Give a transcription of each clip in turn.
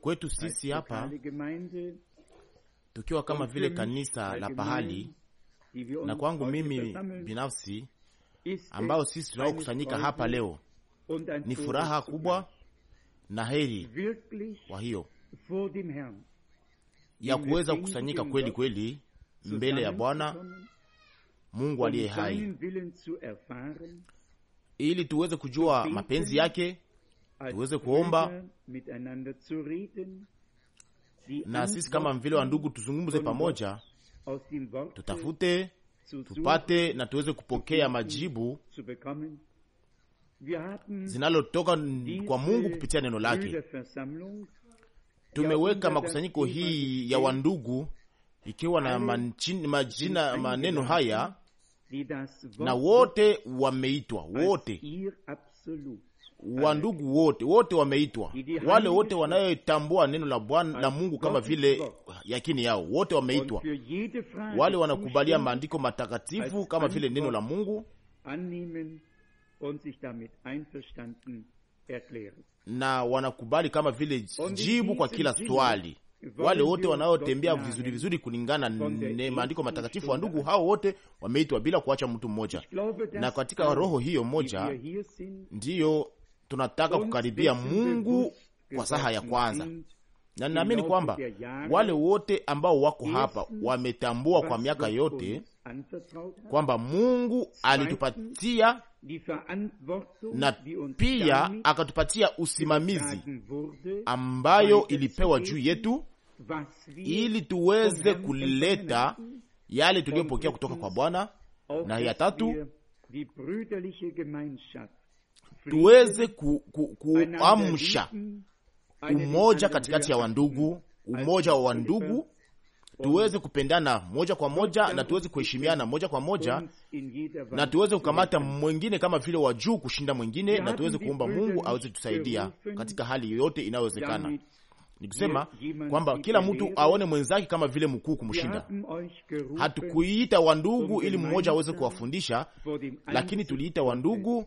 kwetu sisi hapa tukiwa kama vile kanisa la pahali, na kwangu mimi binafsi, ambayo sisi tunaokusanyika hapa leo, ni furaha kubwa na heri kwa hiyo ya kuweza kukusanyika kweli kweli mbele ya Bwana Mungu aliye hai, ili tuweze kujua mapenzi yake tuweze kuomba na sisi kama vile wa ndugu tuzungumze pamoja, tutafute tupate na tuweze kupokea majibu zinalotoka kwa Mungu kupitia neno lake. Tumeweka makusanyiko hii ya wandugu ikiwa na manchini, majina maneno haya, na wote wameitwa wote wandugu wote wote wameitwa, wale wote wanayotambua neno la Bwana la Mungu kama vile yakini yao, wote wameitwa, wale wanakubalia maandiko matakatifu kama vile neno la Mungu na wanakubali kama vile jibu kwa kila swali wale wote wanaotembea vizuri vizuri kulingana na maandiko matakatifu, wa ndugu hao wote wameitwa bila kuacha mtu mmoja, na katika roho hiyo moja ndiyo tunataka kukaribia Mungu kwa saha ya kwanza, na ninaamini kwamba wale wote ambao wako hapa wametambua kwa miaka yote kwamba Mungu alitupatia na pia akatupatia usimamizi ambayo ilipewa juu yetu ili tuweze kuleta yale tuliyopokea kutoka kwa Bwana, na ya tatu tuweze ku, ku, kuamsha umoja katikati ya wandugu, umoja wa wandugu, tuweze kupendana moja kwa moja na tuweze kuheshimiana moja kwa moja na tuweze kukamata mwengine kama vile wa juu kushinda mwengine, na tuweze kuomba Mungu aweze kutusaidia katika hali yoyote inayowezekana. kusema kwamba kila mtu aone mwenzake kama vile mkuu kumshinda. Hatukuiita wandugu ili mmoja aweze kuwafundisha, lakini tuliita wandugu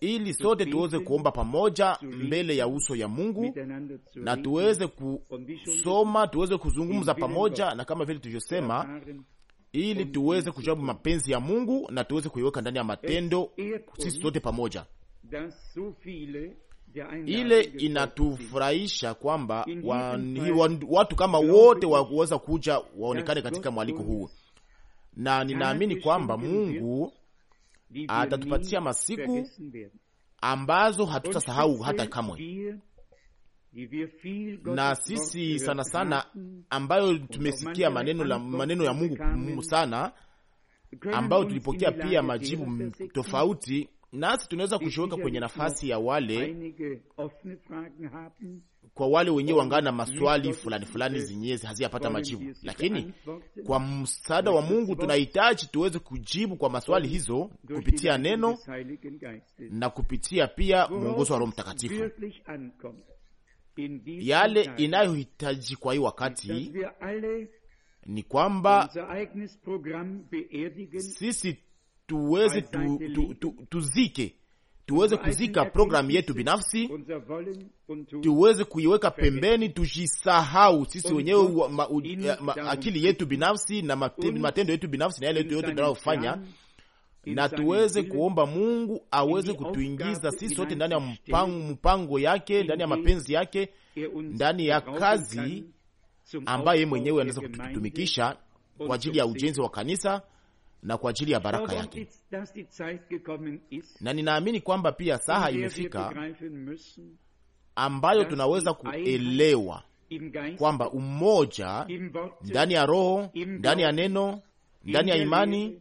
ili sote tuweze kuomba pamoja mbele ya uso ya Mungu na tuweze kusoma, tuweze kuzungumza pamoja, na kama vile tulivyosema, ili tuweze kujabu mapenzi ya Mungu na tuweze kuiweka ndani ya matendo, sisi sote pamoja. Ile inatufurahisha kwamba watu kama wote waweza kuja waonekane katika mwaliko huu, na ninaamini kwamba Mungu atatupatia masiku ambazo hatutasahau hata kamwe, na sisi sana sana ambayo tumesikia maneno la maneno ya Mungu sana, ambayo tulipokea pia majibu tofauti, nasi tunaweza kushoweka kwenye nafasi ya wale kwa wale wenyewe oh, wangana maswali fulani fulani zenye haziyapata majibu, lakini kwa msaada wa Mungu tunahitaji tuweze kujibu kwa maswali hizo kupitia neno na kupitia pia mwongozo wa Roho Mtakatifu, yale inayohitaji kwa hii wakati ni kwamba sisi tuweze tu, tu, tu, tuzike tuweze kuzika programu yetu binafsi, tuweze kuiweka pembeni, tujisahau sisi wenyewe, eh, akili yetu binafsi na matendo yetu binafsi na yale yetu yote tunayofanya na tuweze kuomba Mungu aweze kutuingiza sisi sote ndani ya mpango, mpango yake ndani ya mapenzi yake ndani ya kazi ambayo yeye mwenyewe anaweza kututumikisha kwa ajili ya ujenzi wa kanisa na kwa ajili ya baraka yake, na ninaamini kwamba pia saha imefika ambayo tunaweza kuelewa kwamba umoja ndani ya Roho, ndani ya neno, ndani ya imani,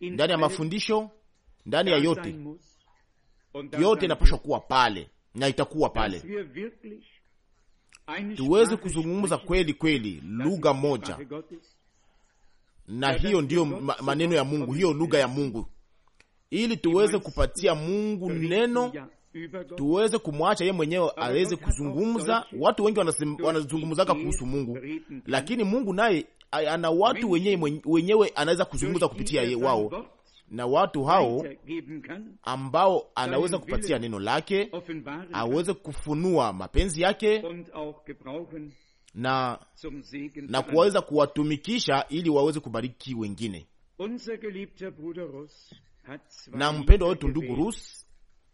ndani ya mafundisho, ndani ya yote yote inapashwa kuwa pale na itakuwa pale, tuweze kuzungumza kweli kweli lugha moja na hiyo ndiyo maneno ya Mungu, hiyo lugha ya Mungu, ili tuweze kupatia Mungu neno, tuweze kumwacha ye mwenyewe aweze kuzungumza. Watu wengi wanazungumzaka kuhusu Mungu, lakini Mungu naye ana watu wenyewe, wenyewe anaweza kuzungumza kupitia ye wao na watu hao ambao anaweza kupatia neno lake aweze kufunua mapenzi yake na, na kuweza kuwatumikisha ili waweze kubariki wengine. Na mpendwa wetu ndugu Rus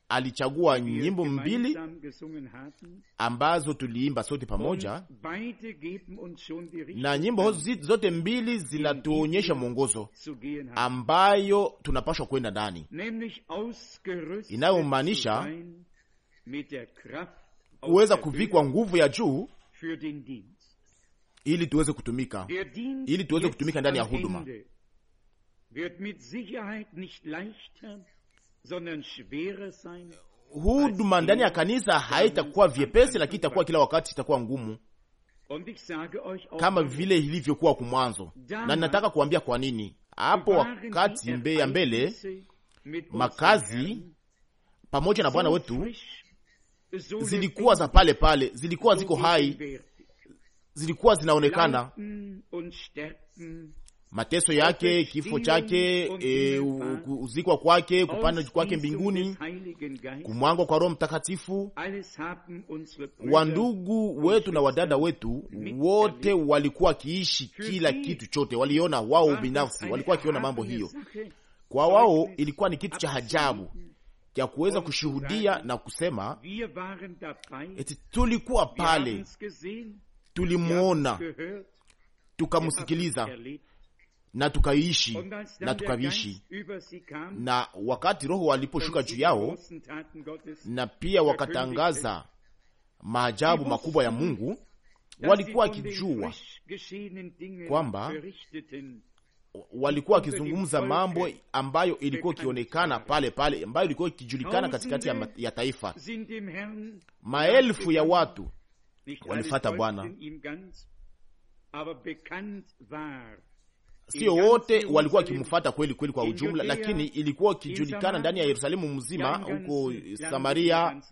alichagua nyimbo mbili ambazo tuliimba sote pamoja, na nyimbo zote mbili zinatuonyesha mwongozo ambayo tunapashwa kwenda ndani, inayomaanisha kuweza kuvikwa nguvu ya juu ili tuweze kutumika, ili tuweze kutumika ndani ya huduma. Huduma ndani ya kanisa haitakuwa vyepesi, lakini itakuwa kila wakati itakuwa ngumu kama vile ilivyokuwa kumwanzo. Na ninataka kuambia kwa nini hapo wakati mbe ya mbele makazi pamoja na Bwana wetu zilikuwa za pale pale, zilikuwa ziko hai, zilikuwa zinaonekana mm, mm. mateso yake, kifo chake, e, uzikwa kwake, kupanda kwake mbinguni, kumwangwa kwa Roho Mtakatifu. Wandugu wetu na wadada wetu wote walikuwa wakiishi kila kitu chote, waliona wao binafsi, walikuwa wakiona mambo hiyo, kwa wao ilikuwa ni kitu cha ajabu ya kuweza kushuhudia na kusema eti tulikuwa pale, tulimwona, tukamsikiliza na tukaishi na tukaviishi. Na wakati Roho aliposhuka juu yao, na pia wakatangaza maajabu makubwa ya Mungu, walikuwa wakijua kwamba walikuwa wakizungumza mambo ambayo ilikuwa ikionekana pale pale, ambayo ilikuwa ikijulikana katikati ya, ya taifa. Maelfu ya watu walifata Bwana, sio wote walikuwa wakimfata kweli kweli kwa ujumla, lakini ilikuwa ikijulikana ndani ya Yerusalemu mzima, huko Samaria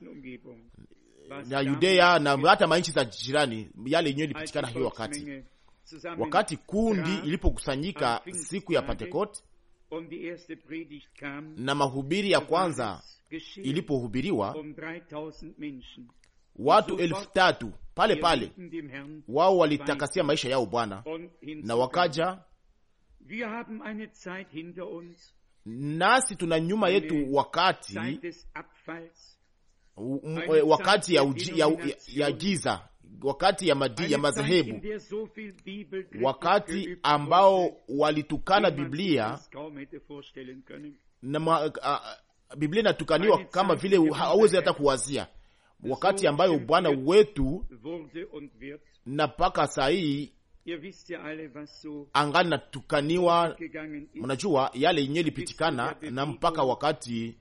na Yudea na hata manchi za jirani, yale yenyewe ilipitikana hiyo wakati Wakati kundi ilipokusanyika siku ya Pentekoste um na mahubiri ya kwanza ilipohubiriwa um watu elfu tatu pale pale wao walitakasia maisha yao Bwana na wakaja. Nasi tuna nyuma yetu wakati wakati ya, uji, ya, ya giza wakati ya, ya madhehebu, wakati ambao walitukana Biblia na ma, a, Biblia inatukaniwa kama vile hauwezi hata kuwazia, wakati ambayo Bwana wetu na mpaka saa hii angani natukaniwa. Mnajua yale yenye ilipitikana na mpaka wakati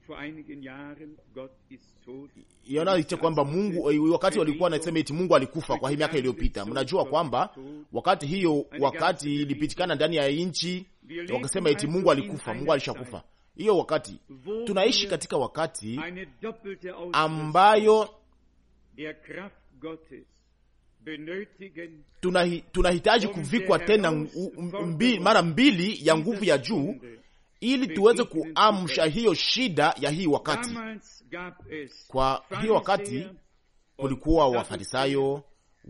yanaita kwamba Mungu eh, wakati walikuwa nasema eti Mungu alikufa kwa hii miaka iliyopita. Mnajua kwamba wakati hiyo, wakati ilipitikana ndani ya nchi, wakasema eti Mungu alikufa, Mungu alishakufa. Hiyo wakati tunaishi katika wakati ambayo tunahitaji kuvikwa tena mbi, mara mbili ya nguvu ya juu ili tuweze kuamsha hiyo shida ya hii wakati. Kwa hiyo wakati kulikuwa Wafarisayo,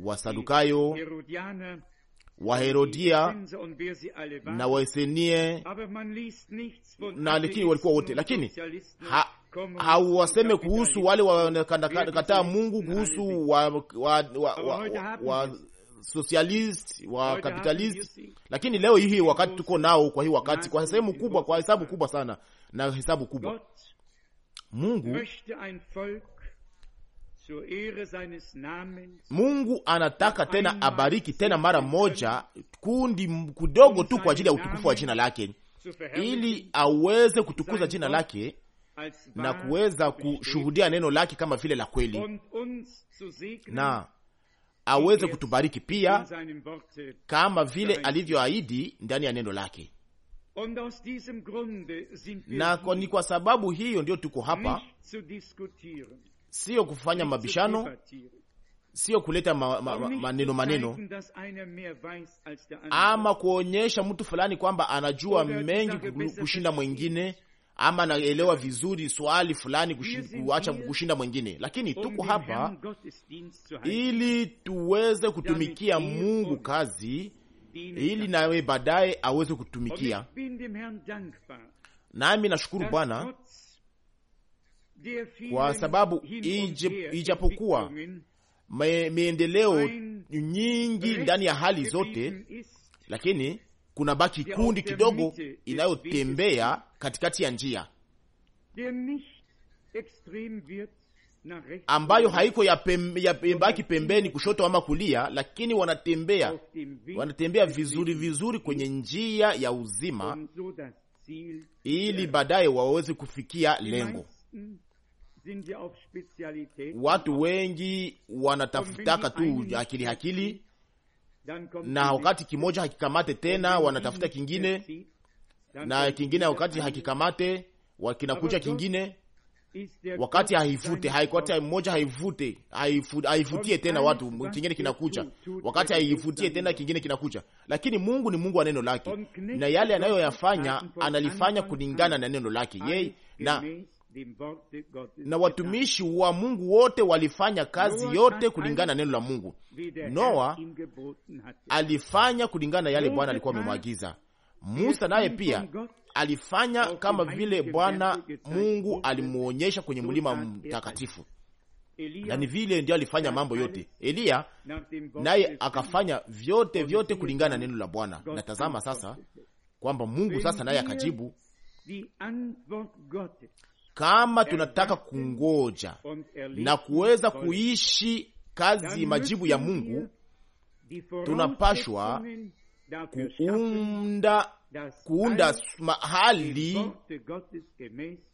Wasadukayo, Waherodia na Waesenie na lakini walikuwa wote, lakini ha, hauwaseme kuhusu wale wanakataa Mungu, kuhusu wa, wa, wa, wa, wa, wa socialist wa capitalist, lakini leo hii wakati tuko nao, kwa hii wakati, kwa sehemu kubwa, kwa hesabu kubwa sana na hesabu kubwa, Mungu Mungu anataka tena abariki tena mara moja kundi kudogo um tu kwa ajili ya utukufu wa jina lake, ili aweze um kutukuza jina lake na kuweza kushuhudia neno lake kama vile la kweli na aweze kutubariki pia kama vile alivyoahidi ndani ya neno lake. Na ni kwa sababu hiyo ndiyo tuko hapa, siyo kufanya mabishano, siyo kuleta ma, ma, ma, maneno maneno ama kuonyesha mtu fulani kwamba anajua mengi kushinda mwingine ama naelewa vizuri swali fulani kuacha kushinda mwengine, lakini tuko hapa ili tuweze kutumikia Mungu kazi, ili nawe baadaye aweze kutumikia nami. Nashukuru Bwana kwa sababu ijapokuwa miendeleo nyingi ndani ya hali zote, lakini kuna baki kundi kidogo inayotembea katikati ya njia ambayo haiko ya pembe, ya pembeni kushoto ama kulia, lakini wanatembea wanatembea vizuri vizuri kwenye njia ya uzima, ili baadaye waweze kufikia lengo. Watu wengi wanatafutaka tu akili hakili, na wakati kimoja hakikamate tena, wanatafuta kingine na kingine wakati hakikamate wakinakuja kingine wakati haifute haikwati moja haifute haifutie tena watu, kingine kinakucha wakati haivutie tena kingine kinakucha Lakini Mungu ni Mungu wa neno lake, na yale anayoyafanya analifanya kulingana na neno lake yeye, na na watumishi wa Mungu wote walifanya kazi yote kulingana na neno la Mungu. Noa alifanya kulingana na yale Bwana alikuwa amemwagiza. Musa naye pia alifanya kama vile Bwana Mungu alimwonyesha kwenye mlima mtakatifu, na ni yaani vile ndio alifanya mambo yote. Eliya naye akafanya vyote vyote kulingana na neno la Bwana. Na tazama sasa kwamba Mungu sasa naye akajibu kama tunataka kungoja na kuweza kuishi kazi majibu ya Mungu, tunapashwa kuunda kuunda mahali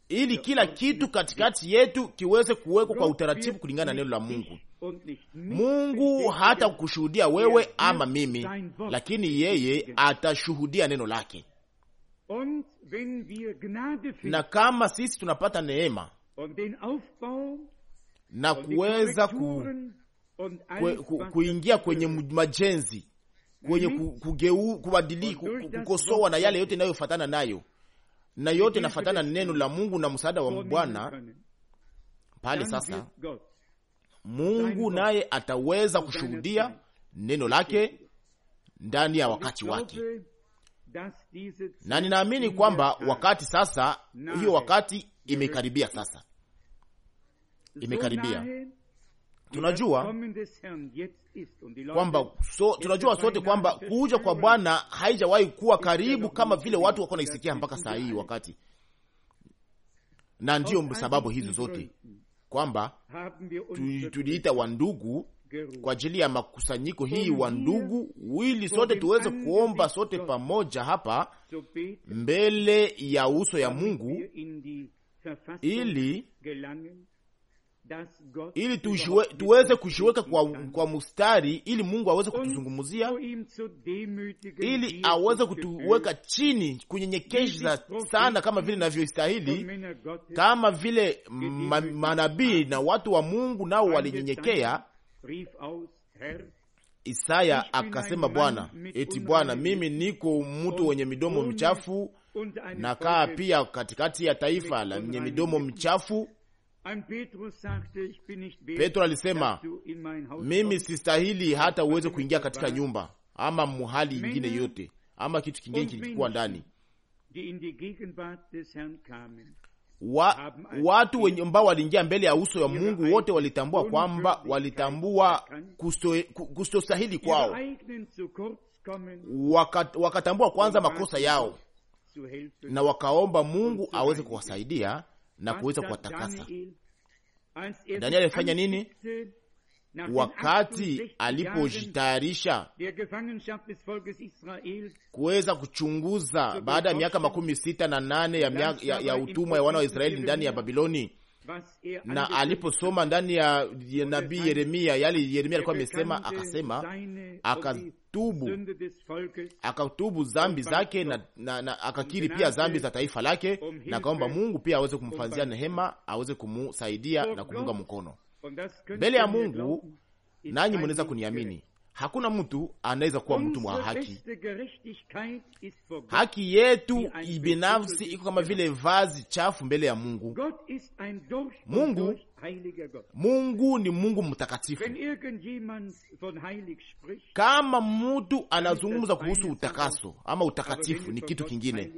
ili kila kitu katikati yetu kiweze kuwekwa kwa utaratibu kulingana na neno la Mungu. Mungu hata kushuhudia wewe ama mimi, lakini yeye atashuhudia neno lake. Na kama sisi tunapata neema na kuweza ku, ku, ku, kuingia kwenye majenzi kwenye mm-hmm. kugeu kubadili kukosoa na yale yote inayofatana nayo na yote nafatana neno la Mungu na msaada wa Bwana pale. Sasa Mungu naye ataweza kushuhudia neno lake ndani ya wakati wake, na ninaamini kwamba wakati sasa, hiyo wakati imekaribia, sasa imekaribia tunajua kwamba so, tunajua sote kwamba kuja kwa Bwana haijawahi kuwa karibu kama vile watu wako naisikia mpaka saa hii wakati, na ndiyo sababu hizo zote kwamba tuliita wandugu kwa ajili ya makusanyiko hii wa ndugu, ili sote tuweze kuomba sote pamoja hapa mbele ya uso ya Mungu ili ili tujue, tuweze kujiweka kwa, kwa mustari ili Mungu aweze kutuzungumzia, ili aweze kutuweka chini, kunyenyekeza sana kama vile istahili kama vile manabii na watu wa Mungu nao walinyenyekea. Isaya akasema, Bwana eti Bwana, mimi niko mtu wenye midomo michafu, nakaa pia katikati ya taifa lenye midomo michafu Petro alisema mimi sistahili hata uweze kuingia katika nyumba ama muhali ingine yote ama kitu kingine kilichokuwa ndani wa, watu wenye ambao waliingia mbele ya uso wa Mungu wote walitambua kwamba walitambua kustostahili kwao, waka, wakatambua kwanza makosa yao na wakaomba Mungu aweze kuwasaidia na kuweza kuwatakasa. Danieli alifanya nini? Wakati alipojitayarisha kuweza kuchunguza baada ya miaka makumi sita na nane ya, ya, ya utumwa ya wana wa Israeli ndani ya Babiloni, na aliposoma ndani ya nabii Yeremia yali Yeremia alikuwa amesema, akasema, akatubu akatubu zambi zake na, na, na akakiri pia zambi za taifa lake, na akaomba Mungu pia aweze kumfanzia nehema aweze kumsaidia na kumunga mkono mbele ya Mungu. Nanyi mnaweza kuniamini Hakuna mtu anaweza kuwa mtu mwa haki. Haki yetu ibinafsi iko kama er vile vazi chafu mbele ya Mungu. Mungu Mungu ni Mungu mtakatifu. Kama mtu er anazungumza kuhusu utakaso ama utakatifu, ni er kitu kingine,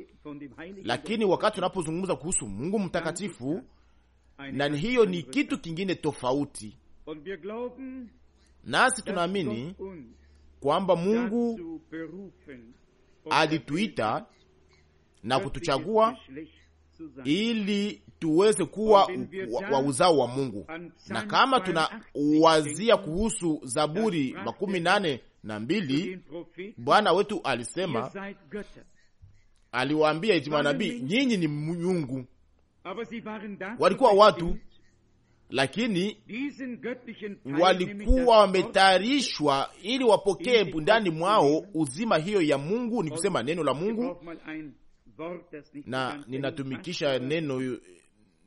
lakini wakati unapozungumza kuhusu Mungu mtakatifu, na hiyo ni kitu kingine tofauti nasi tunaamini kwamba Mungu alituita na kutuchagua ili tuweze kuwa wa uzao wa Mungu. Na kama tunawazia kuhusu Zaburi makumi nane na mbili, Bwana wetu alisema, aliwaambia eti manabii, nyinyi ni myungu Walikuwa watu lakini walikuwa wametayarishwa ili wapokee ndani mwao uzima hiyo ya Mungu, ni kusema neno la Mungu. Na ninatumikisha neno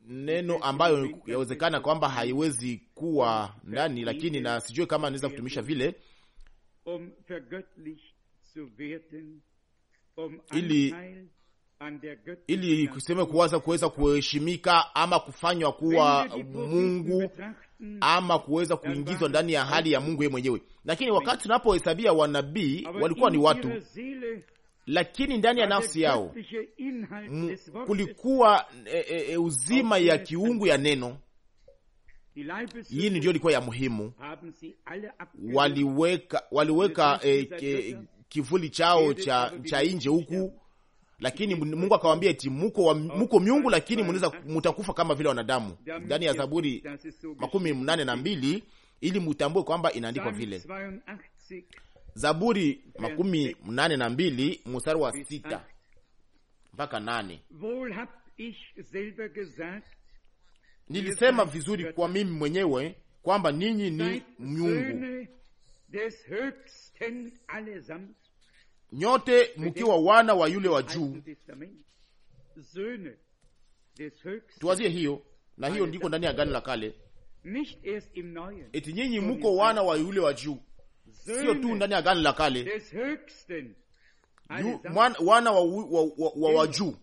neno ambayo yawezekana kwamba haiwezi kuwa ndani, lakini na sijue kama naweza kutumisha vile um um ili ili kusema kuwaza kuweza kuheshimika ama kufanywa kuwa Mungu mm. ama kuweza kuingizwa ndani ya hali ya Mungu yeye mwenyewe. Lakini wakati tunapohesabia wanabii walikuwa ni watu, lakini ndani ya nafsi yao kulikuwa e, e, e, uzima ya kiungu ya neno. Hii ndio ilikuwa ya muhimu. Waliweka waliweka e, e, kivuli chao cha, cha nje huku lakini Mungu akawambia eti muko, muko miungu lakini mnaweza mutakufa kama vile wanadamu, ndani ya Zaburi makumi mnane na mbili ili mutambue kwamba inaandikwa vile. Zaburi makumi mnane na mbili mstari wa sita mpaka nane. Nilisema vizuri kwa mimi mwenyewe kwamba ninyi ni miungu nyote mkiwa wana wa yule wa juu. Tuwazie hiyo na hiyo ndiko ndani ya gano la kale, eti nyinyi mko wana wa yule wa juu, sio tu ndani ya gano la kale wana wa, wa, wa, wa, wa juu,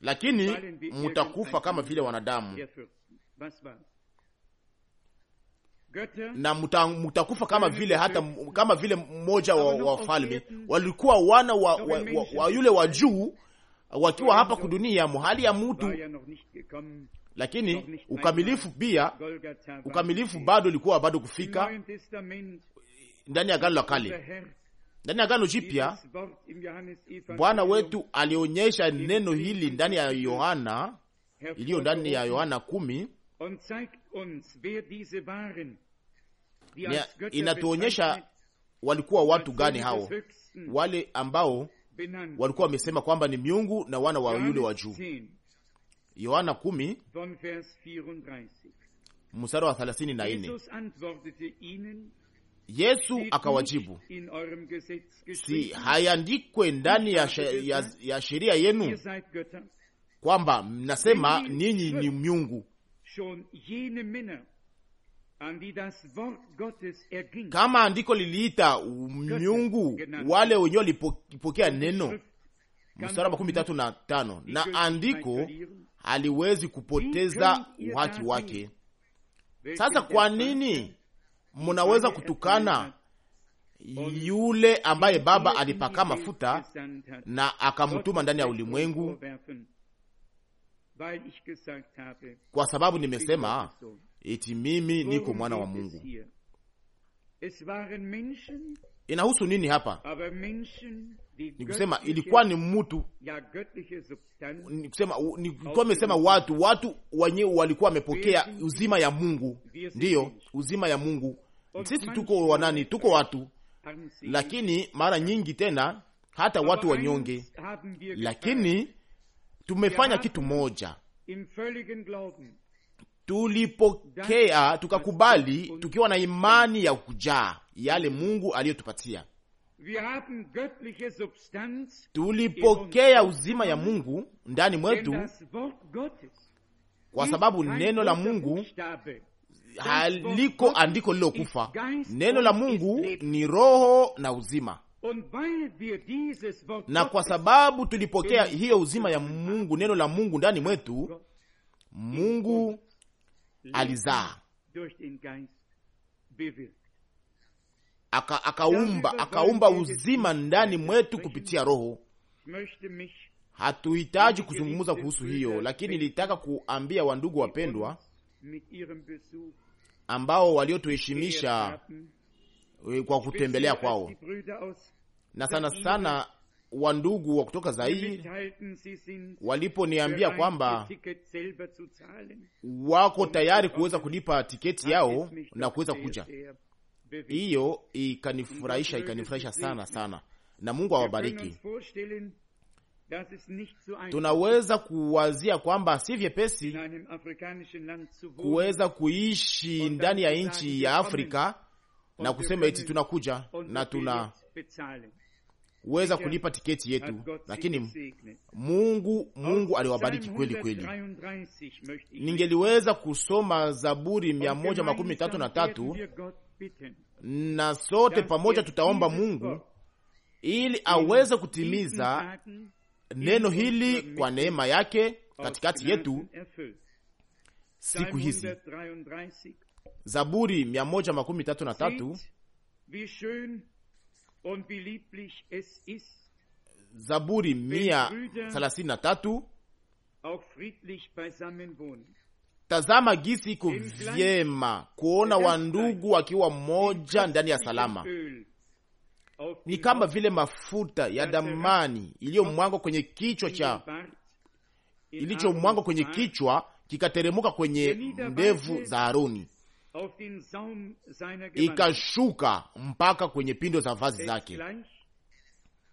lakini mutakufa kama um, vile wanadamu na mutakufa kama vile hata kama vile mmoja wa wafalme walikuwa wana wa, wa, wa, wa yule wa juu wakiwa hapa kudunia muhali ya mtu, lakini ukamilifu pia ukamilifu bado ulikuwa bado kufika ndani ya gano la kale. Ndani ya gano jipya Bwana wetu alionyesha neno hili ndani ya Yohana iliyo ndani ya Yohana kumi inatuonyesha walikuwa watu gani hao, wale ambao walikuwa wamesema kwamba ni miungu na wana wa yule wa juu. Yohana 10 mstari wa 34, Yesu akawajibu, si hayandikwe ndani ya, ya, ya sheria yenu kwamba mnasema ninyi ni miungu kama andiko liliita miungu wale wenyewe walipokea neno, mstari makumi tatu na tano. Na andiko haliwezi kupoteza uhaki wake. Sasa kwa nini munaweza er kutukana yule ambaye Baba er alipaka mafuta na akamutuma ndani ya ulimwengu kwa sababu nimesema eti mimi niko mwana wa Mungu. Inahusu nini hapa? Nikusema ilikuwa ni mtu, nikusema nilikuwa watu watu wenye walikuwa wamepokea uzima ya Mungu, ndiyo uzima ya Mungu. Sisi tuko wanani? Tuko watu, lakini mara nyingi tena hata watu wanyonge, lakini tumefanya kitu moja, tulipokea tukakubali, tukiwa na imani ya kujaa yale Mungu aliyotupatia. Tulipokea uzima ya Mungu ndani mwetu, kwa sababu neno la Mungu haliko andiko lilokufa. Neno la Mungu ni roho na uzima na kwa sababu tulipokea hiyo uzima ya Mungu, neno la Mungu ndani mwetu, Mungu alizaa aka, akaumba akaumba uzima ndani mwetu kupitia Roho. Hatuhitaji kuzungumza kuhusu hiyo, lakini nilitaka kuambia wandugu wapendwa ambao waliotuheshimisha Eh, kwa kutembelea kwao, na sana sana wandugu wa kutoka Zairi waliponiambia kwamba wako tayari kuweza kulipa tiketi yao na kuweza kuja, hiyo ikanifurahisha, ikanifurahisha sana sana, na Mungu awabariki. Tunaweza kuwazia kwamba si vyepesi kuweza kuishi ndani ya nchi ya Afrika na kusema eti tunakuja na tunaweza kulipa tiketi yetu, lakini Mungu Mungu aliwabariki kweli kweli. Ningeliweza kusoma Zaburi mia moja makumi tatu na tatu na sote pamoja tutaomba Mungu ili aweze kutimiza neno hili kwa neema yake katikati yetu siku hizi Zaburi mia moja makumi tatu na tatu Zaburi mia thelathini na tatu Tazama gisi iko vyema kuona wandugu wakiwa mmoja ndani ya salama. Ni kama vile mafuta ya damani iliyomwangwa kwenye kichwa cha ilichomwangwa kwenye kichwa kikateremuka kwenye ndevu za Haruni ikashuka mpaka kwenye pindo za vazi zake.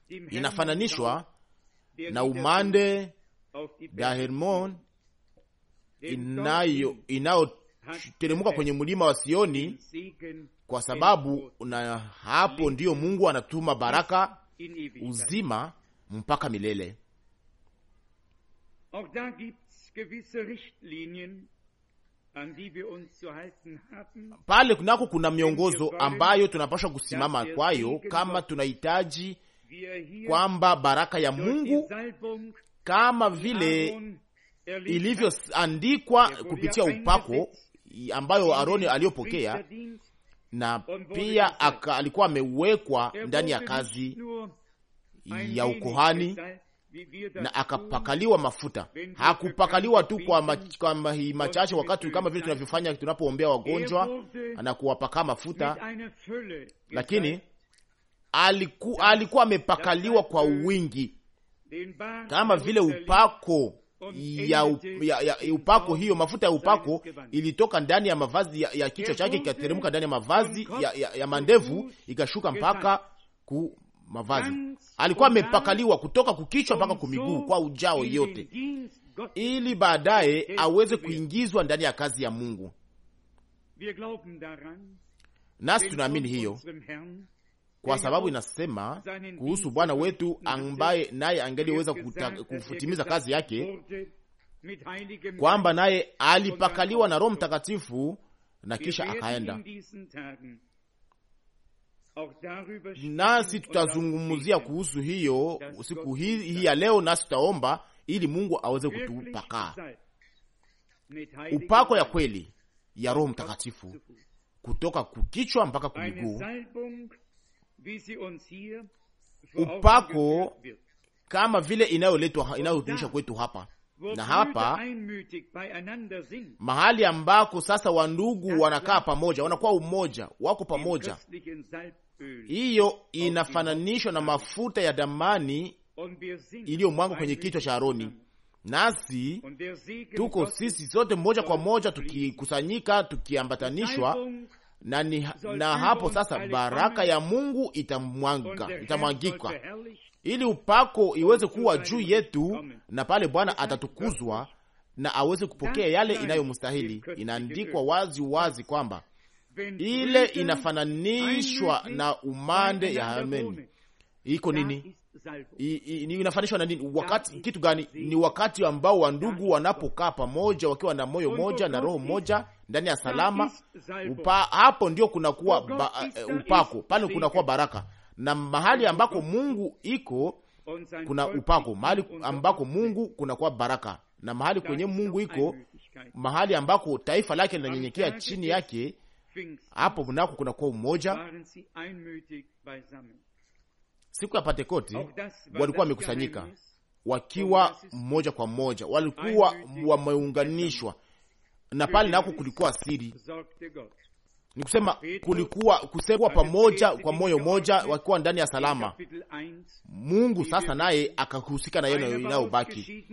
Inafananishwa na umande ya Hermon inayoteremka kwenye mlima wa Sioni, kwa sababu na hapo ndiyo Mungu anatuma baraka uzima mpaka milele pale kunako kuna miongozo ambayo tunapashwa kusimama kwayo, kama tunahitaji kwamba baraka ya Mungu kama vile ilivyoandikwa kupitia upako ambayo Aroni aliyopokea, na pia alikuwa amewekwa ndani ya kazi ya ukohani na akapakaliwa mafuta. Hakupakaliwa tu kwa, machache wakati kama vile tunavyofanya tunapoombea wagonjwa na kuwapaka mafuta, lakini aliku, alikuwa amepakaliwa kwa wingi kama vile upako ya, ya, ya upako hiyo mafuta ya upako ilitoka ndani ya mavazi ya, ya kichwa chake ikateremka ndani ya mavazi ya, ya, ya mandevu ikashuka mpaka ku mavazi, alikuwa amepakaliwa kutoka kukichwa mpaka kumiguu kwa ujao yote, ili baadaye aweze kuingizwa ndani ya kazi ya Mungu. Nasi tunaamini hiyo kwa sababu inasema kuhusu Bwana wetu ambaye naye angeliweza kutimiza kazi yake, kwamba naye alipakaliwa na Roho Mtakatifu na kisha akaenda nasi tutazungumzia kuhusu hiyo siku hii hii ya leo, nasi tutaomba ili Mungu aweze kutupakaa upako ya kweli ya Roho Mtakatifu kutoka kukichwa mpaka kumiguu, upako kama vile inayoletwa inayotunisha kwetu hapa na hapa mahali ambako sasa wandugu wanakaa pamoja, wanakuwa umoja, wako pamoja hiyo inafananishwa na mafuta ya damani iliyomwangwa kwenye kichwa cha Aroni, nasi tuko sisi sote moja kwa moja tukikusanyika, tukiambatanishwa na, ni, na hapo sasa baraka ya Mungu itamwanga itamwangika ili upako iweze kuwa juu yetu, na pale Bwana atatukuzwa na aweze kupokea yale inayomstahili. Inaandikwa wazi wazi kwamba ile inafananishwa na umande ya hameni Iko nini? I, i, inafanishwa na nini? Wakati kitu gani? Ni wakati ambao wandugu wanapokaa pamoja wakiwa na moyo moja na roho moja ndani ya salama upa, hapo ndio kunakuwa ba, eh, upako pale kunakuwa baraka, na mahali ambako Mungu iko kuna upako, mahali ambako Mungu kunakuwa baraka, na mahali kwenye Mungu iko mahali ambako taifa lake linanyenyekea chini yake hapo nako kunakuwa umoja. Siku ya patekoti oh, walikuwa wamekusanyika wakiwa mmoja kwa mmoja, walikuwa wameunganishwa na pale nako kulikuwa siri ni kusema kulikuwa kusekwa pamoja kwa moyo moja, wakiwa ndani ya salama. Mungu sasa naye akahusika na yeno inayobaki.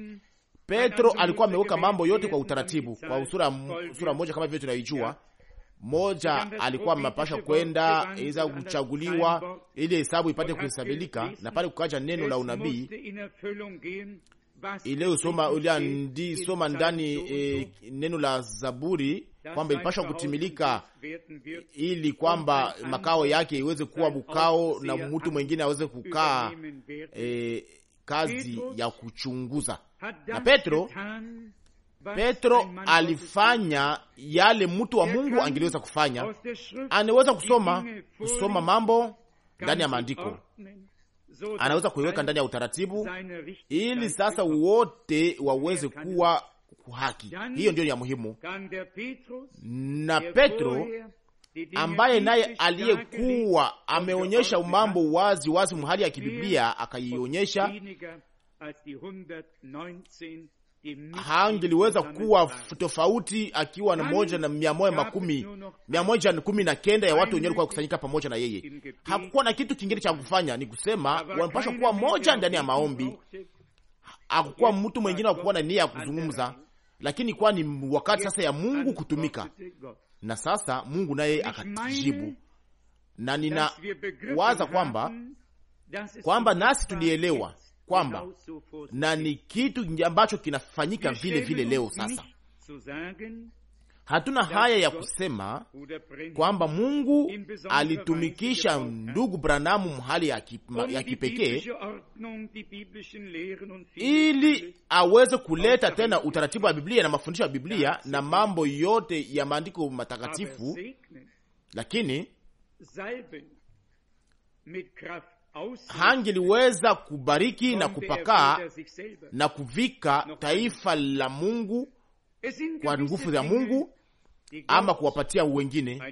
Petro alikuwa ameweka mambo yote kwa utaratibu, kwa sura sura moja, kama vile tunaijua moja alikuwa mapasha kwenda iza kuchaguliwa ili hesabu ipate kuhesabilika, na pale kukaja neno la unabii iliyosoma uliandi soma ndani e, neno la Zaburi kwamba ilipashwa kutimilika ili kwamba makao yake iweze kuwa mkao na mtu mwengine aweze kukaa e, kazi ya kuchunguza na Petro Petro alifanya yale mtu wa Mungu angeliweza kufanya. Anaweza kusoma kusoma mambo ndani ya maandiko, anaweza kuiweka ndani ya utaratibu, ili sasa wote waweze kuwa haki. Hiyo ndiyo ya muhimu. Na Petro ambaye naye aliyekuwa ameonyesha mambo wazi wazi mhali ya kibiblia, akaionyesha hangeliweza kuwa tofauti akiwa na moja na mia moja makumi mia moja na kumi na kenda ya watu wenyewe walikuwa kusanyika pamoja na yeye. Hakukuwa na kitu kingine cha kufanya, ni kusema wanapaswa kuwa moja ndani ya maombi. Hakukuwa mtu mwengine wakuwa na nia ya kuzungumza, lakini kuwa ni wakati sasa ya Mungu kutumika, na sasa Mungu naye akajibu, na ninawaza kwamba kwamba nasi tulielewa kwamba na ni kitu ambacho kinafanyika vile vile leo. Sasa hatuna haya ya kusema kwamba Mungu alitumikisha ndugu Branamu mhali ya, kipekee ili aweze kuleta tena utaratibu wa Biblia na mafundisho ya Biblia na mambo yote ya maandiko matakatifu, lakini hangeliweza kubariki na kupakaa na kuvika taifa la Mungu kwa nguvu za Mungu ama kuwapatia wengine,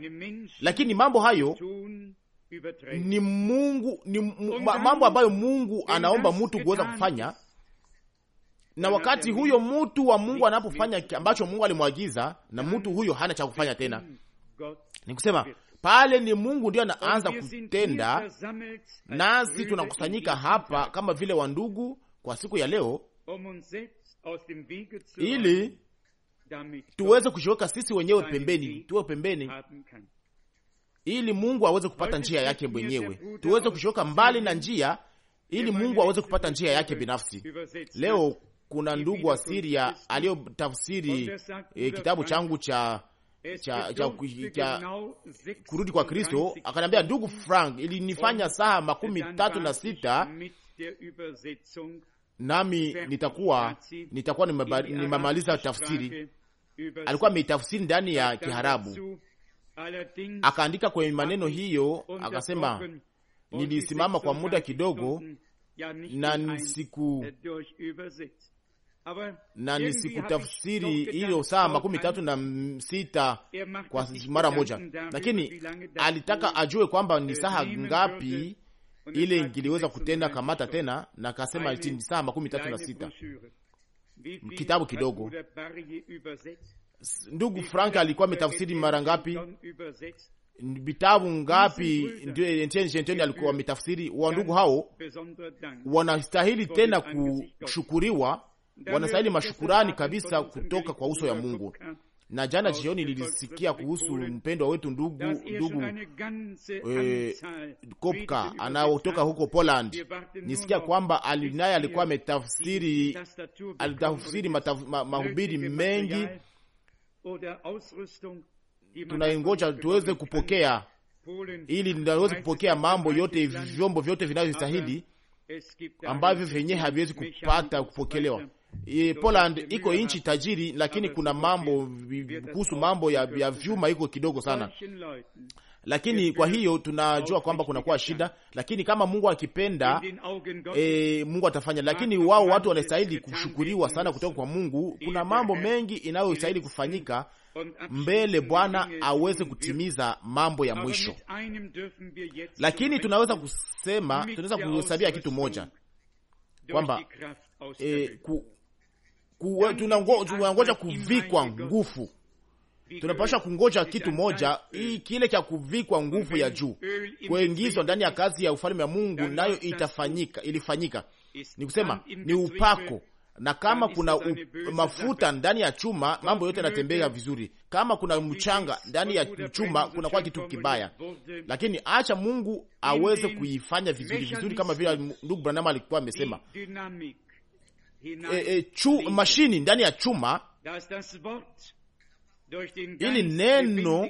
lakini mambo hayo ni Mungu, ni mambo ambayo Mungu anaomba mtu kuweza kufanya, na wakati huyo mtu wa Mungu anapofanya ambacho Mungu alimwagiza, na mtu huyo hana cha kufanya tena, ni kusema pale ni Mungu ndiyo anaanza kutenda, nasi tunakusanyika hapa kama vile wandugu kwa siku ya leo, ili tuweze kujiweka sisi wenyewe pembeni, tuwe pembeni, ili Mungu aweze kupata njia yake mwenyewe, tuweze kujiweka mbali na njia, ili Mungu aweze kupata njia yake binafsi. Leo kuna ndugu wa Siria aliyotafsiri eh, kitabu changu cha cha, cha, cha kurudi kwa Kristo, akaniambia ndugu Frank, ilinifanya saa makumi tatu na sita nami nitakuwa nitakuwa nimemaliza tafsiri. Alikuwa ameitafsiri ndani ya Kiharabu, akaandika kwenye maneno hiyo, akasema nilisimama kwa muda kidogo na siku na nisikutafsiri hiyo saa makumi tatu na sita kwa mara moja, lakini alitaka ajue kwamba ni eh, saa ngapi ile ngiliweza kutenda kamata tena, na akasema ni saa makumi tatu na sita kitabu kidogo. Ndugu Frank alikuwa ametafsiri mara ngapi? Vitabu ngapi ndio alikuwa ametafsiri? ndugu hao wanastahili tena kushukuriwa wanastahili mashukurani kabisa kutoka kwa uso ya Mungu. Na jana jioni nilisikia kuhusu mpendwa wetu ndugu ndugu e, Kopka anaotoka huko Poland. Nisikia kwamba alinaye alikuwa ametafsiri alitafsiri mahubiri mengi, tunaingoja tuweze kupokea ili naweze kupokea mambo yote, vyombo vyote vinavyostahili ambavyo vyenyewe haviwezi kupata kupokelewa Eh, Poland iko nchi tajiri, lakini kuna mambo kuhusu mambo ya, ya vyuma iko kidogo sana, lakini kwa hiyo tunajua kwamba kunakuwa shida, lakini kama Mungu akipenda e, Mungu atafanya. Lakini wao watu wanastahili kushukuriwa sana kutoka kwa Mungu. Kuna mambo mengi inayostahili kufanyika mbele Bwana aweze kutimiza mambo ya mwisho, lakini tunaweza kusema, tunaweza kuhesabia kitu moja kwamba e, ku, tunangoja kuvikwa nguvu, tunapasha kungoja kitu moja hii, kile cha kuvikwa nguvu ya juu, kuingizwa ndani ya kazi ya ufalme wa Mungu, nayo itafanyika, ilifanyika ni kusema ni upako na kama kuna mafuta ndani ya chuma, mambo yote yanatembea vizuri. Kama kuna mchanga ndani ya chuma, kunakuwa kitu kibaya, lakini acha Mungu aweze kuifanya vizuri vizuri, kama vile ndugu Branham alikuwa amesema e, e, chu, mashini ndani ya chuma ili neno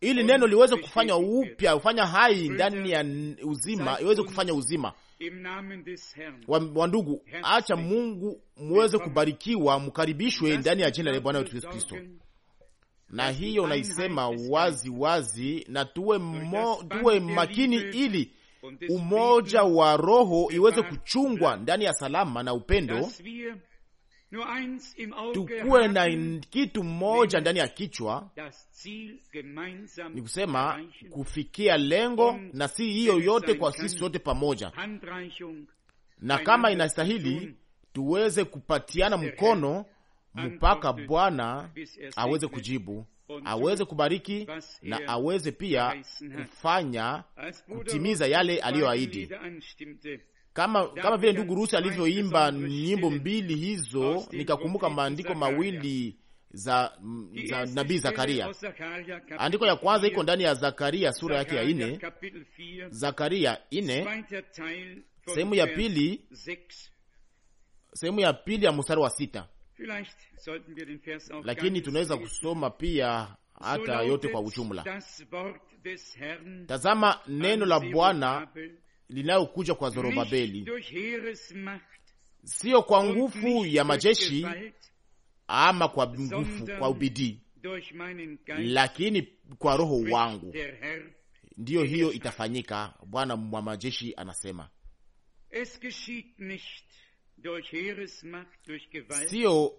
ili neno liweze kufanya upya ufanya hai ndani ya uzima, iweze kufanya uzima. wa ndugu acha Mungu muweze kubarikiwa, mkaribishwe ndani ya jina la Bwana wetu Yesu Kristo. Na hiyo naisema wazi wazi, na tuwe, mo, tuwe makini ili umoja wa roho iweze kuchungwa ndani ya salama na upendo, tukuwe na kitu mmoja ndani ya kichwa, ni kusema kufikia lengo, na si hiyo yote kwa sisi sote pamoja, na kama inastahili tuweze kupatiana er mkono mpaka Bwana er aweze kujibu aweze kubariki na aweze pia kufanya kutimiza yale aliyoahidi, kama kama vile ndugu Rusi alivyoimba nyimbo mbili hizo, nikakumbuka maandiko mawili za, za nabii Zakaria. Andiko ya kwanza iko ndani ya Zakaria sura yake ya ine, Zakaria ine sehemu ya pili, sehemu ya pili ya mstari wa sita lakini tunaweza kusoma pia hata yote kwa ujumla. Tazama neno la Bwana linayokuja kwa Zorobabeli, siyo kwa nguvu ya majeshi ama kwa nguvu, kwa ubidii, lakini kwa Roho wangu. Ndiyo hiyo itafanyika, Bwana wa majeshi anasema. Es geschieht nicht sio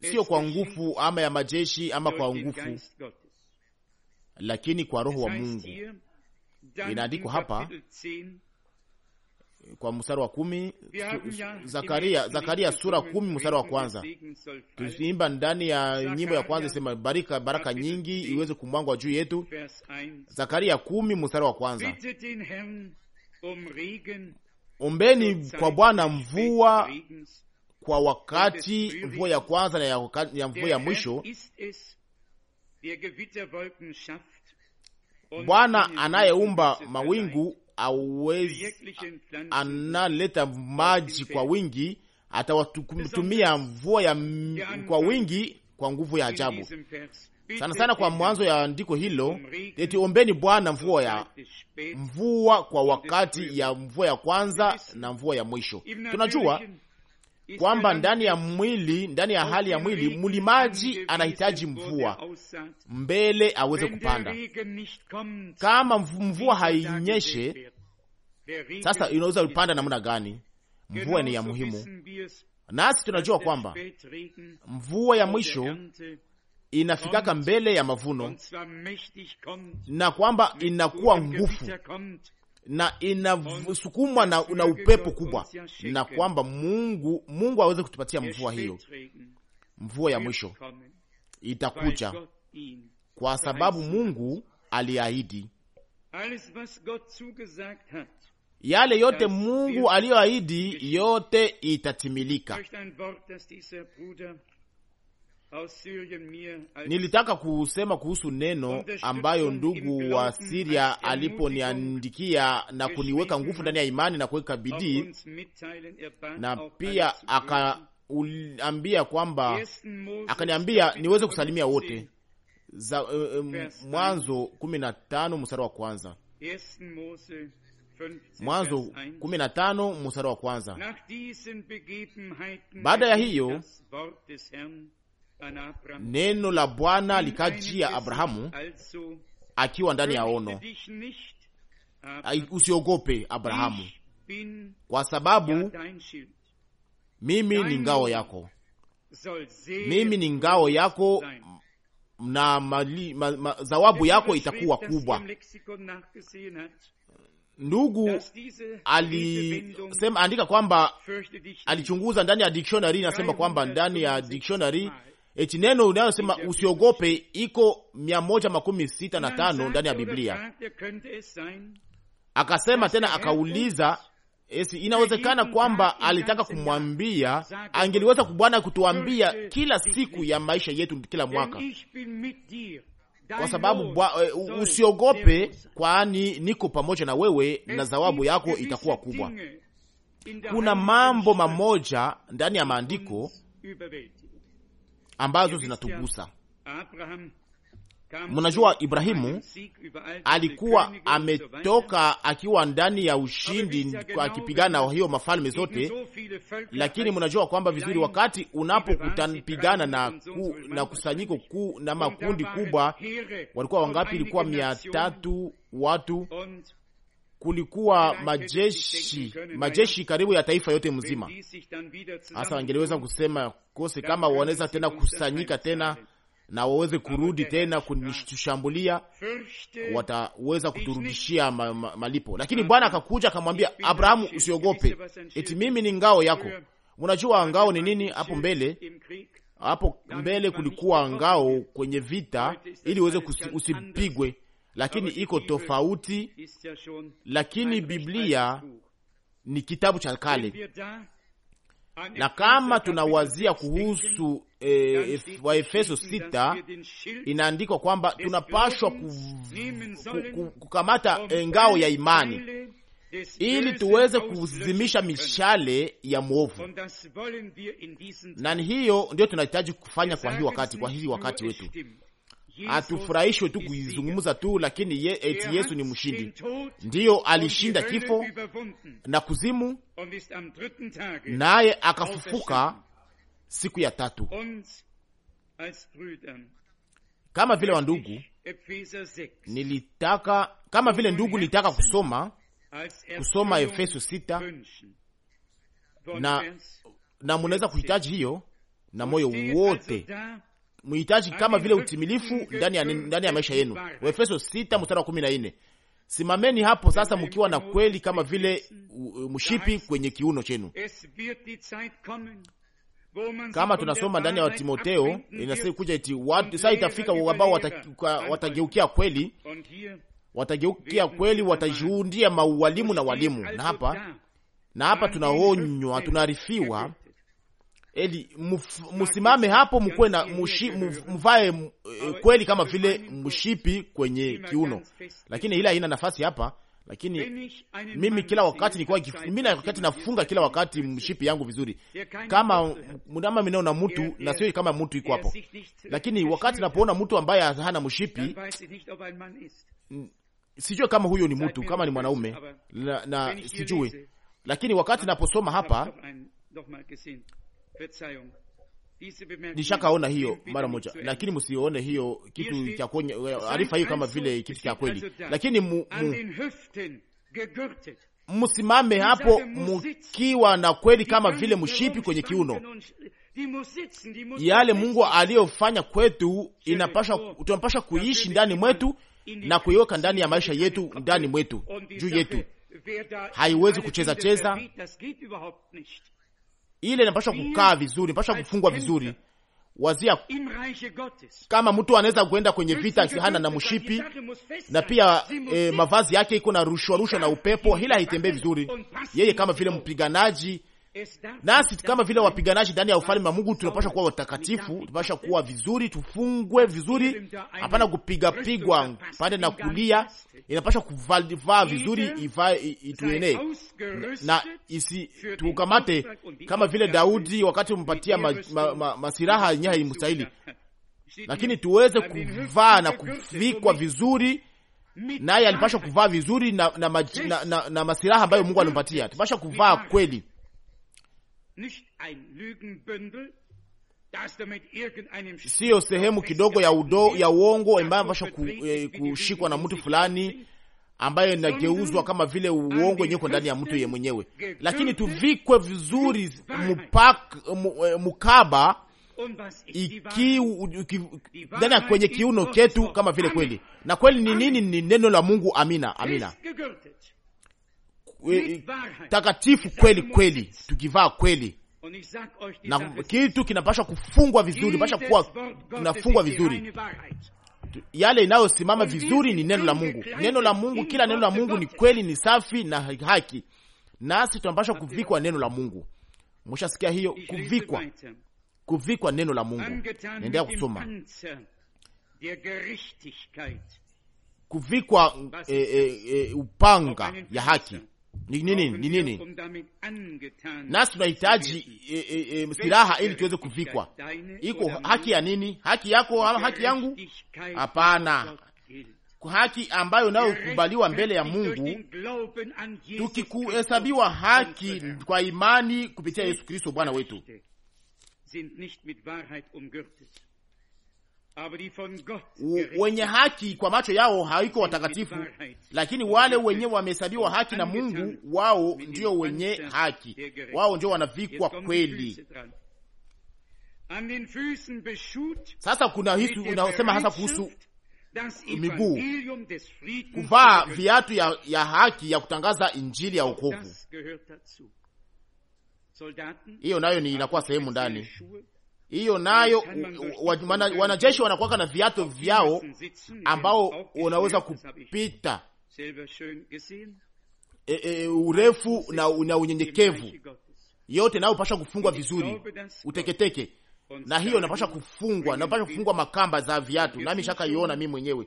sio kwa nguvu ama ya majeshi ama kwa nguvu, lakini kwa Roho wa Mungu. Inaandikwa hapa kwa mstari wa kumi, Zakaria, Zakaria sura kumi mstari wa kwanza. Tuimba ndani ya nyimbo ya kwanza isema, baraka, baraka nyingi iweze kumwangwa juu yetu. Zakaria kumi mstari wa kwanza Ombeni kwa Bwana mvua kwa wakati, mvua ya kwanza na ya, mvua ya mwisho. Bwana anayeumba mawingu awezi, analeta maji kwa wingi, atawatumia mvua ya kwa wingi kwa nguvu ya ajabu sana sana kwa mwanzo ya andiko hilo, eti ombeni Bwana mvua ya mvua kwa wakati ya mvua ya kwanza na mvua ya mwisho. Tunajua kwamba ndani ya mwili, ndani ya hali ya mwili, mlimaji anahitaji mvua mbele aweze kupanda. Kama mvua hainyeshe, sasa inaweza kupanda namna gani? Mvua ni ya muhimu, nasi tunajua kwamba mvua ya mwisho inafikaka mbele ya mavuno, na kwamba inakuwa nguvu na inasukumwa na, na upepo kubwa, na kwamba Mungu Mungu aweze kutupatia mvua hiyo. Mvua ya er mwisho itakuja kwa sababu Mungu aliahidi yale yote Mungu aliyoahidi yote itatimilika Nilitaka kusema kuhusu neno ambayo ndugu wa Siria aliponiandikia na kuniweka nguvu ndani ya imani na kuweka bidii, na pia akaambia kwamba akaniambia niweze kusalimia wote za, um, Mwanzo kumi na tano mstari wa kwanza. Mwanzo kumi na tano mstari wa kwanza. Baada ya hiyo Neno la Bwana likajia Abrahamu akiwa ndani ya ono, usiogope Abrahamu, kwa sababu mimi ni ngao yako, mimi ni ngao yako na mali, ma, ma, zawabu yako itakuwa kubwa. Ndugu alisema andika kwamba alichunguza ndani ya dictionary, nasema kwamba ndani ya dictionary eti neno unayosema usiogope iko mia moja makumi sita na tano ndani ya Biblia. Akasema tena akauliza, esi inawezekana kwamba alitaka kumwambia, angeliweza kubwana kutuambia kila siku ya maisha yetu, kila mwaka, kwa sababu eh, usiogope, kwani niko pamoja na wewe na zawabu yako itakuwa kubwa. Kuna mambo mamoja ndani ya maandiko ambazo zinatugusa. Mnajua, Ibrahimu alikuwa ametoka akiwa ndani ya ushindi akipigana hiyo mafalme zote, lakini mnajua kwamba vizuri, wakati unapokutapigana na, ku, na kusanyiko ku, na makundi kubwa, walikuwa wangapi? Ilikuwa mia tatu watu kulikuwa majeshi majeshi karibu ya taifa yote mzima. Hasa wangeliweza kusema kose kama wanaweza tena kusanyika tena na waweze kurudi tena kunishambulia, wataweza kuturudishia ma, ma, malipo. Lakini Bwana akakuja akamwambia Abrahamu, usiogope, eti mimi ni ngao yako. Unajua ngao ni nini? Hapo mbele hapo mbele kulikuwa ngao kwenye vita, ili uweze usipigwe lakini iko tofauti. Lakini Biblia ni kitabu cha kale, na kama tunawazia kuhusu e, eh, Waefeso sita inaandikwa kwamba tunapashwa ku, ku, kukamata um eh, ngao ya imani ili tuweze kuzimisha mishale ya mwovu, na hiyo ndiyo tunahitaji kufanya kwa hii wakati, kwa hii wakati wetu hatufurahishwe tu kuizungumza tu, lakini ye, eti Yesu ni mshindi. Ndiyo, alishinda kifo na kuzimu, um, naye akafufuka siku ya tatu kama vile wandugu nilitaka kama vile ndugu nilitaka kusoma kusoma Efeso sita na na munaweza kuhitaji hiyo na moyo wote mhitaji kama vile utimilifu ndani ya, ndani ya maisha yenu. Waefeso 6 mstari wa 14. Simameni hapo sasa mkiwa na kweli kama vile mshipi kwenye kiuno chenu. Kama tunasoma ndani ya Timoteo inasema kuja eti watu sasa, itafika ambao watageukia kweli, watageukia kweli, watajiundia mauwalimu na walimu, na hapa na hapa tunaonywa, tunaarifiwa Eli musimame hapo, mkuwe na mvae eh, kweli kama vile mshipi kwenye kiuno, lakini ila haina nafasi hapa. Lakini mimi kila wakati nilikuwa mimi na wakati nafunga kila wakati mshipi yangu vizuri, kama mdama mimi naona mtu na sio kama mtu iko hapo, lakini wakati napoona mtu ambaye hana mshipi sijue kama huyo ni mtu kama ni mwanaume na, na sijui, lakini wakati naposoma hapa nishakaona hiyo mara moja, lakini msione hiyo kitu cha eh, arifa hiyo kama vile kitu cha kweli, lakini mu, mu, msimame hapo mkiwa na kweli kama vile mshipi kwenye kiuno. Yale Mungu aliyofanya kwetu inapasha, tunapasha kuishi ndani mwetu na kuiweka ndani ya maisha yetu, ndani mwetu, juu yetu, haiwezi kucheza cheza ile inapasha kukaa vizuri, inapasha kufungwa vizuri. Wazia kama mtu anaweza kuenda kwenye vita akihana na mshipi na pia e, mavazi yake iko na rushwa rushwa na upepo, hila haitembei vizuri, yeye kama vile mpiganaji Nasi kama vile wapiganaji ndani ya ufalme wa Mungu tunapasha kuwa watakatifu, tunapasha kuwa vizuri, tufungwe vizuri, hapana kupigapigwa pande na kulia. Inapasha kuvaa vizuri, iva ituene na oh, isi tukamate, kama vile Daudi wakati umpatia masiraha yenyewe haimstahili, lakini tuweze kuvaa na kuvikwa vizuri naye alipasha kuvaa vizuri na, na, na, na, na masiraha ambayo Mungu alimpatia. Tupasha kuvaa kweli siyo sehemu kidogo ya, udo, ya uongo ambayo anapasha ku, eh, kushikwa na mtu fulani ambayo inageuzwa kama vile uongo wenyewe uko ndani ya mtu ye mwenyewe, lakini tuvikwe vizuri mupak, eh, mukaba iki, ya ndani kwenye kiuno chetu kama vile kweli. Na kweli ni nini? Ni neno la Mungu. Amina, amina takatifu kweli kweli, tukivaa kweli na kitu kinapasha kufungwa vizuri, pasha kuwa kinafungwa vizuri. Yale inayosimama vizuri ni neno la Mungu, neno la Mungu, kila neno la Mungu ni kweli, ni safi na haki, nasi tunapasha kuvikwa neno la Mungu. Mshasikia hiyo, kuvikwa, kuvikwa neno la Mungu. Endelea kusoma kuvikwa eh, eh, eh, upanga ya haki ni nini? Ni nini? Nasi tunahitaji e, e, e, silaha ili tuweze kuvikwa. Iko haki ya nini? Haki yako ama haki yangu? Hapana, haki ambayo inayokubaliwa mbele ya Mungu, tukikuhesabiwa haki kwa imani kupitia Yesu Kristo Bwana wetu wenye haki kwa macho yao haiko watakatifu, lakini wale wenye wamehesabiwa haki na Mungu, wao ndio wenye haki, wao ndio wanavikwa kweli. Sasa kuna hitu unasema hasa kuhusu miguu kuvaa viatu ya, ya haki ya kutangaza injili ya wokovu. Hiyo nayo ni inakuwa sehemu ndani hiyo nayo wanajeshi wanakuwaka na viatu vyao ambao unaweza kupita e, e, urefu na, na unyenyekevu yote nayo pasha kufungwa vizuri uteketeke na hiyo inapasha kufungwa, napasha kufungwa makamba za viatu, nami shaka iona mimi mwenyewe,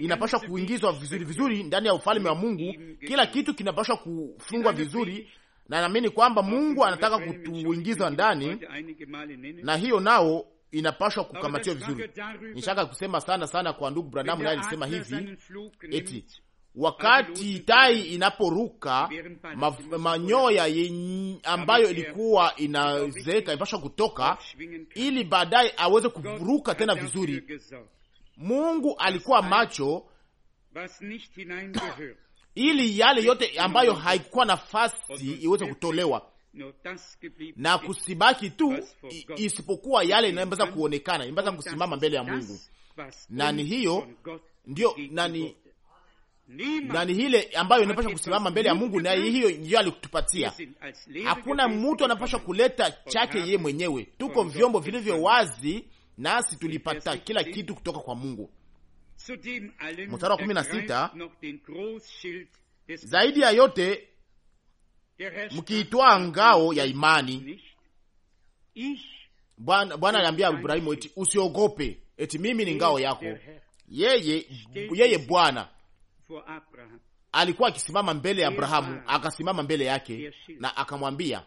inapasha kuingizwa vizuri vizuri ndani ya ufalme wa Mungu. Kila kitu kinapasha kufungwa vizuri na naamini kwamba Mungu anataka kutuingiza ndani, na hiyo nao inapashwa kukamatiwa vizuri. Nishaka kusema sana sana kwa ndugu Branham, naye alisema hivi eti wakati tai inaporuka ma, manyoya ambayo ilikuwa inazeeka inapashwa kutoka ili baadaye aweze kuruka tena vizuri. Mungu alikuwa macho ili yale yote ambayo haikuwa nafasi iweze kutolewa na kusibaki tu isipokuwa yale inaweza kuonekana, inaweza kusimama mbele ya Mungu. Na ni hiyo ndio, nani na ni ambayo inapasha kusimama mbele ya Mungu, na hiyo ndio alikutupatia. Hakuna mtu anapasha kuleta chake ye mwenyewe, tuko vyombo vilivyo wazi, nasi tulipata kila kitu kutoka kwa Mungu mstari wa kumi na sita zaidi ya yote mkiitwaa ngao ya imani. Bwana aliambia Ibrahimu eti usiogope, eti mimi ni ngao yako. Yeye, yeye Bwana alikuwa akisimama mbele ya er Abrahamu, akasimama mbele yake na akamwambia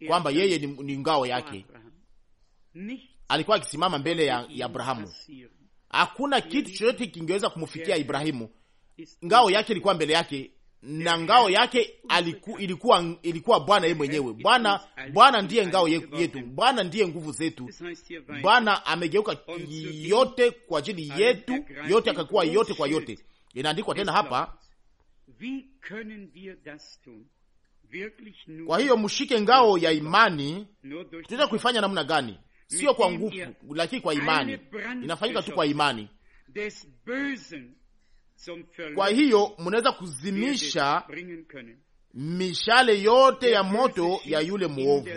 er kwamba yeye ni, ni ngao yake. Alikuwa akisimama mbele ya, ya Abrahamu Hakuna kitu chochote kingeweza kumfikia Ibrahimu. Ngao yake ilikuwa mbele yake na ngao yake aliku, ilikuwa ilikuwa Bwana yeye mwenyewe. Bwana Bwana ndiye ngao yetu, Bwana ndiye nguvu zetu. Bwana amegeuka yote kwa ajili yetu, yote akakuwa yote kwa yote. Inaandikwa tena hapa. Kwa hiyo mshike ngao ya imani. Tunaweza kuifanya namna gani? sio kwa nguvu, lakini kwa imani. Inafanyika tu kwa imani. Kwa hiyo mnaweza kuzimisha mishale yote ya moto ya yule mwovu.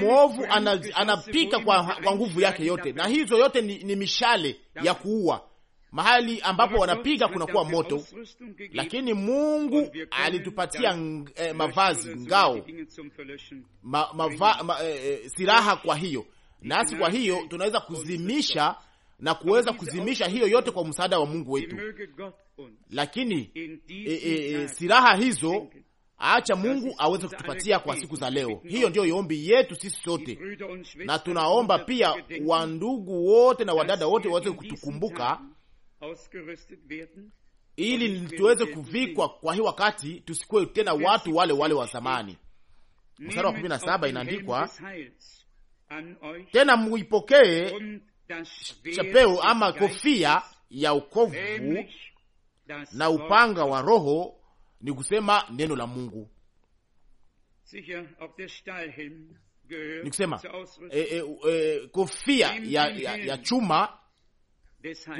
Mwovu anapika kwa, kwa nguvu yake yote, na hizo yote ni, ni mishale ya kuua mahali ambapo wanapiga kunakuwa moto, lakini Mungu alitupatia eh, mavazi ngao ma, mava, ma, eh, eh, silaha. Kwa hiyo nasi kwa hiyo tunaweza kuzimisha na kuweza kuzimisha hiyo yote kwa msaada wa Mungu wetu, lakini eh, eh, eh, silaha hizo acha Mungu aweze kutupatia kwa siku za leo. Hiyo ndiyo yombi yetu sisi sote, na tunaomba pia wandugu wote na wadada wote waweze kutukumbuka ili tuweze kuvikwa kwa hii wakati, tusikuwe tena watu wale wale wa zamani. Mstari wa kumi na saba inaandikwa tena, muipokee chapeo ama kofia ya ukovu na upanga wa Roho, ni kusema neno la Mungu. Ni kusema e, e, e, kofia ya, ya, ya chuma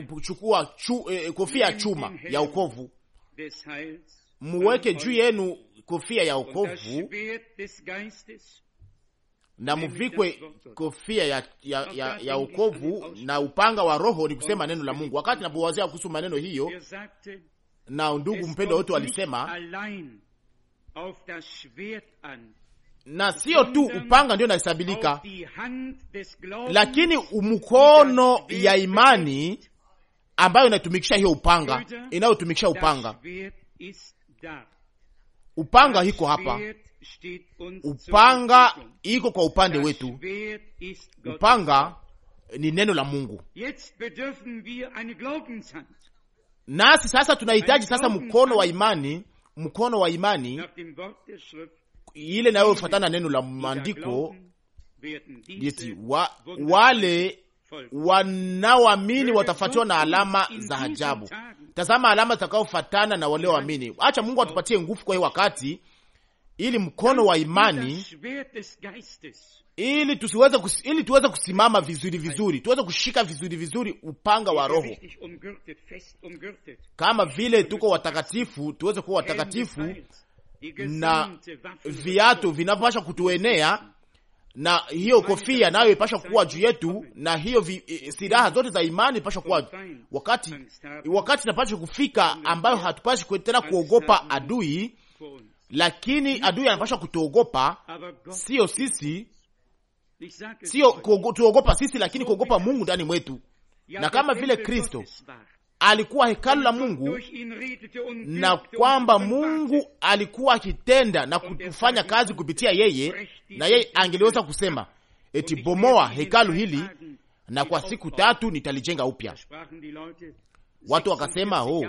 kuchukua chu, eh, eh kofia ya chuma ya ukovu, muweke juu yenu kofia ya ukovu na muvikwe kofia ya, ya, ya, ya ukovu na upanga wa Roho, ni kusema neno la Mungu. Wakati napowazia kuhusu maneno hiyo, na ndugu mpendwa wote walisema na sio tu upanga ndio unahesabilika, lakini mkono ya imani ambayo inatumikisha hiyo upanga, inayotumikisha upanga. Upanga hiko hapa, upanga iko kwa upande wetu. Upanga ni neno la Mungu, nasi sasa tunahitaji sasa mkono wa imani, mkono wa imani ile inayofuatana neno la maandiko yeti wa, wale wanaoamini watafatiwa na alama za ajabu. Tazama alama zitakaofuatana na wale waamini. Acha Mungu atupatie nguvu kwa hii wakati, ili mkono wa imani, ili tusiweze kus, ili tuweze kusimama vizuri vizuri, tuweze kushika vizuri vizuri upanga wa Roho, kama vile tuko watakatifu, tuweze kuwa watakatifu na viatu vinavyopasha kutuenea na hiyo kofia nayo ipasha kuwa juu yetu, na hiyo vi, silaha zote za imani ipasha kuwa wakati wakati napasha kufika, ambayo hatupashi tena kuogopa adui, lakini adui anapasha kutuogopa, sio sisi, sio tuogopa sisi, lakini kuogopa Mungu ndani mwetu, na kama vile Kristo alikuwa hekalu la Mungu na kwamba Mungu alikuwa akitenda na kufanya kazi kupitia yeye, na yeye angeliweza kusema eti bomoa hekalu hili na kwa siku tatu nitalijenga upya. Watu wakasema oh,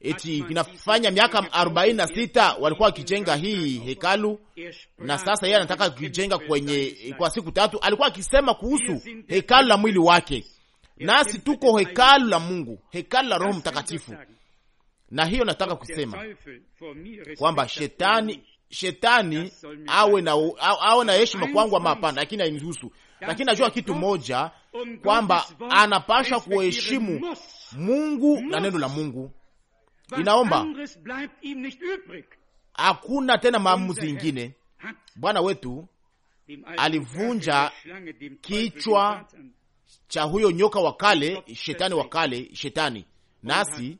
eti inafanya miaka arobaini na sita walikuwa wakijenga hii hekalu, na sasa yeye anataka kujenga kwenye kwa siku tatu. Alikuwa akisema kuhusu hekalu la mwili wake nasi tuko hekalu la Mungu, hekalu la Roho Mtakatifu. Na hiyo nataka kusema kwamba shetani shetani awe na awe na heshima kwangu ama hapana, lakini hainihusu. Lakini najua kitu moja kwamba anapasha kuheshimu Mungu na neno la Mungu. Inaomba hakuna tena maamuzi ingine. Bwana wetu alivunja kichwa cha huyo nyoka wa kale, shetani wa kale, shetani nasi,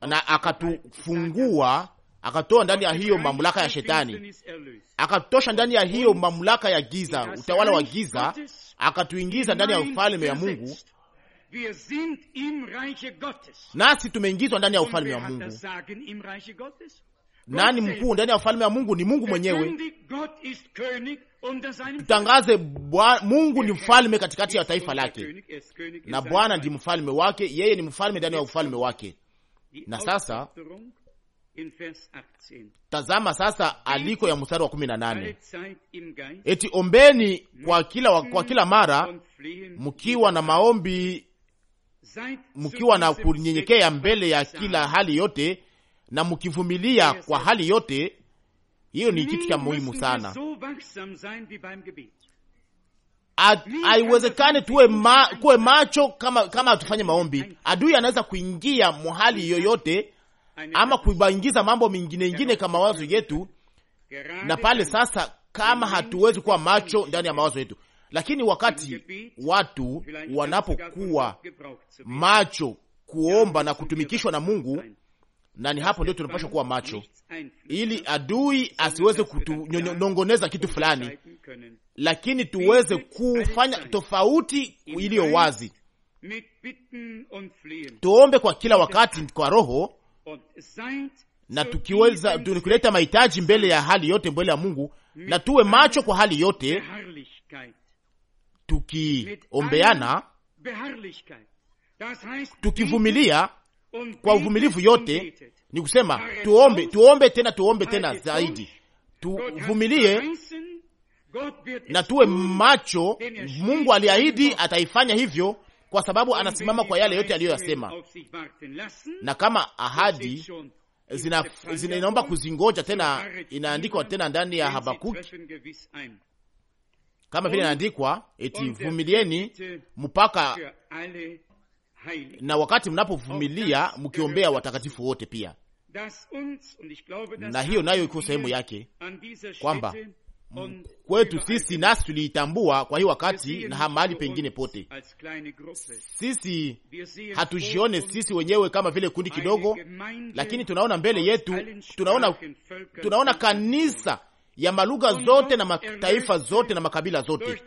na akatufungua akatoa ndani ya hiyo mamlaka ya shetani, akatosha ndani ya hiyo mamlaka ya giza, utawala wa giza, akatuingiza ndani ya ufalme ya Mungu. Nasi tumeingizwa ndani ya ufalme wa Mungu. Nani mkuu ndani ya ufalme wa Mungu? Ni Mungu mwenyewe. Tutangaze Mungu ni mfalme katikati ya taifa lake, na Bwana ndi mfalme wake, yeye ni mfalme ndani ya ufalme wake. Na sasa tazama sasa aliko ya mstari wa kumi na nane eti ombeni kwa kila, kwa kila mara mkiwa na maombi mkiwa na kunyenyekea mbele ya kila hali yote na mkivumilia kwa hali yote, hiyo ni kitu cha muhimu sana. haiwezekani tuwe ma, kuwe macho kama kama hatufanye maombi. Adui anaweza kuingia mahali yoyote ama kuingiza mambo mengine ingine kama mawazo yetu, na pale sasa, kama hatuwezi kuwa macho ndani ya mawazo yetu, lakini wakati watu wanapokuwa macho kuomba na kutumikishwa na Mungu na ni hapo ndio tunapashwa kuwa macho, ili adui asiweze kutunongoneza kitu fulani, lakini tuweze kufanya tofauti iliyo wazi. Tuombe kwa kila wakati kwa roho na tukiweza tukileta mahitaji mbele ya hali yote, mbele ya Mungu, na tuwe macho kwa hali yote, tukiombeana, tukivumilia kwa uvumilivu yote, ni kusema tuombe, tuombe tena, tuombe tena zaidi, tuvumilie na tuwe macho. Mungu aliahidi ataifanya hivyo, kwa sababu anasimama kwa yale yote aliyoyasema, na kama ahadi zina, zina inaomba kuzingoja tena. Inaandikwa tena ndani ya Habakuki kama vile inaandikwa eti, vumilieni mpaka na wakati mnapovumilia oh, mkiombea watakatifu wote pia. Na hiyo nayo iko sehemu yake kwamba kwetu sisi nasi tuliitambua. Kwa hii wakati na mahali pengine pote, sisi hatujione sisi wenyewe kama vile kundi kidogo, lakini tunaona mbele yetu, tunaona tunaona kanisa ya malugha zote na mataifa zote na makabila zote,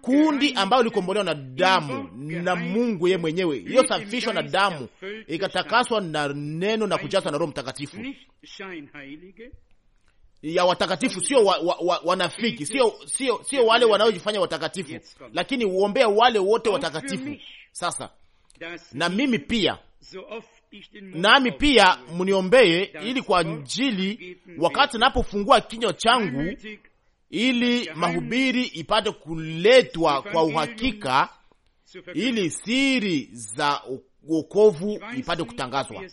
kundi ambayo likombolewa na damu na Mungu ye mwenyewe, iliyosafishwa na damu, ikatakaswa na neno na kujazwa na Roho Mtakatifu ya watakatifu, sio wa, wa, wa, wanafiki, sio sio sio wale wanaojifanya watakatifu, lakini uombea wale wote watakatifu. Sasa na mimi pia nami pia mniombee, ili kwa njili, wakati napofungua kinywa changu, ili mahubiri ipate kuletwa kwa uhakika, ili siri za uokovu ipate kutangazwa.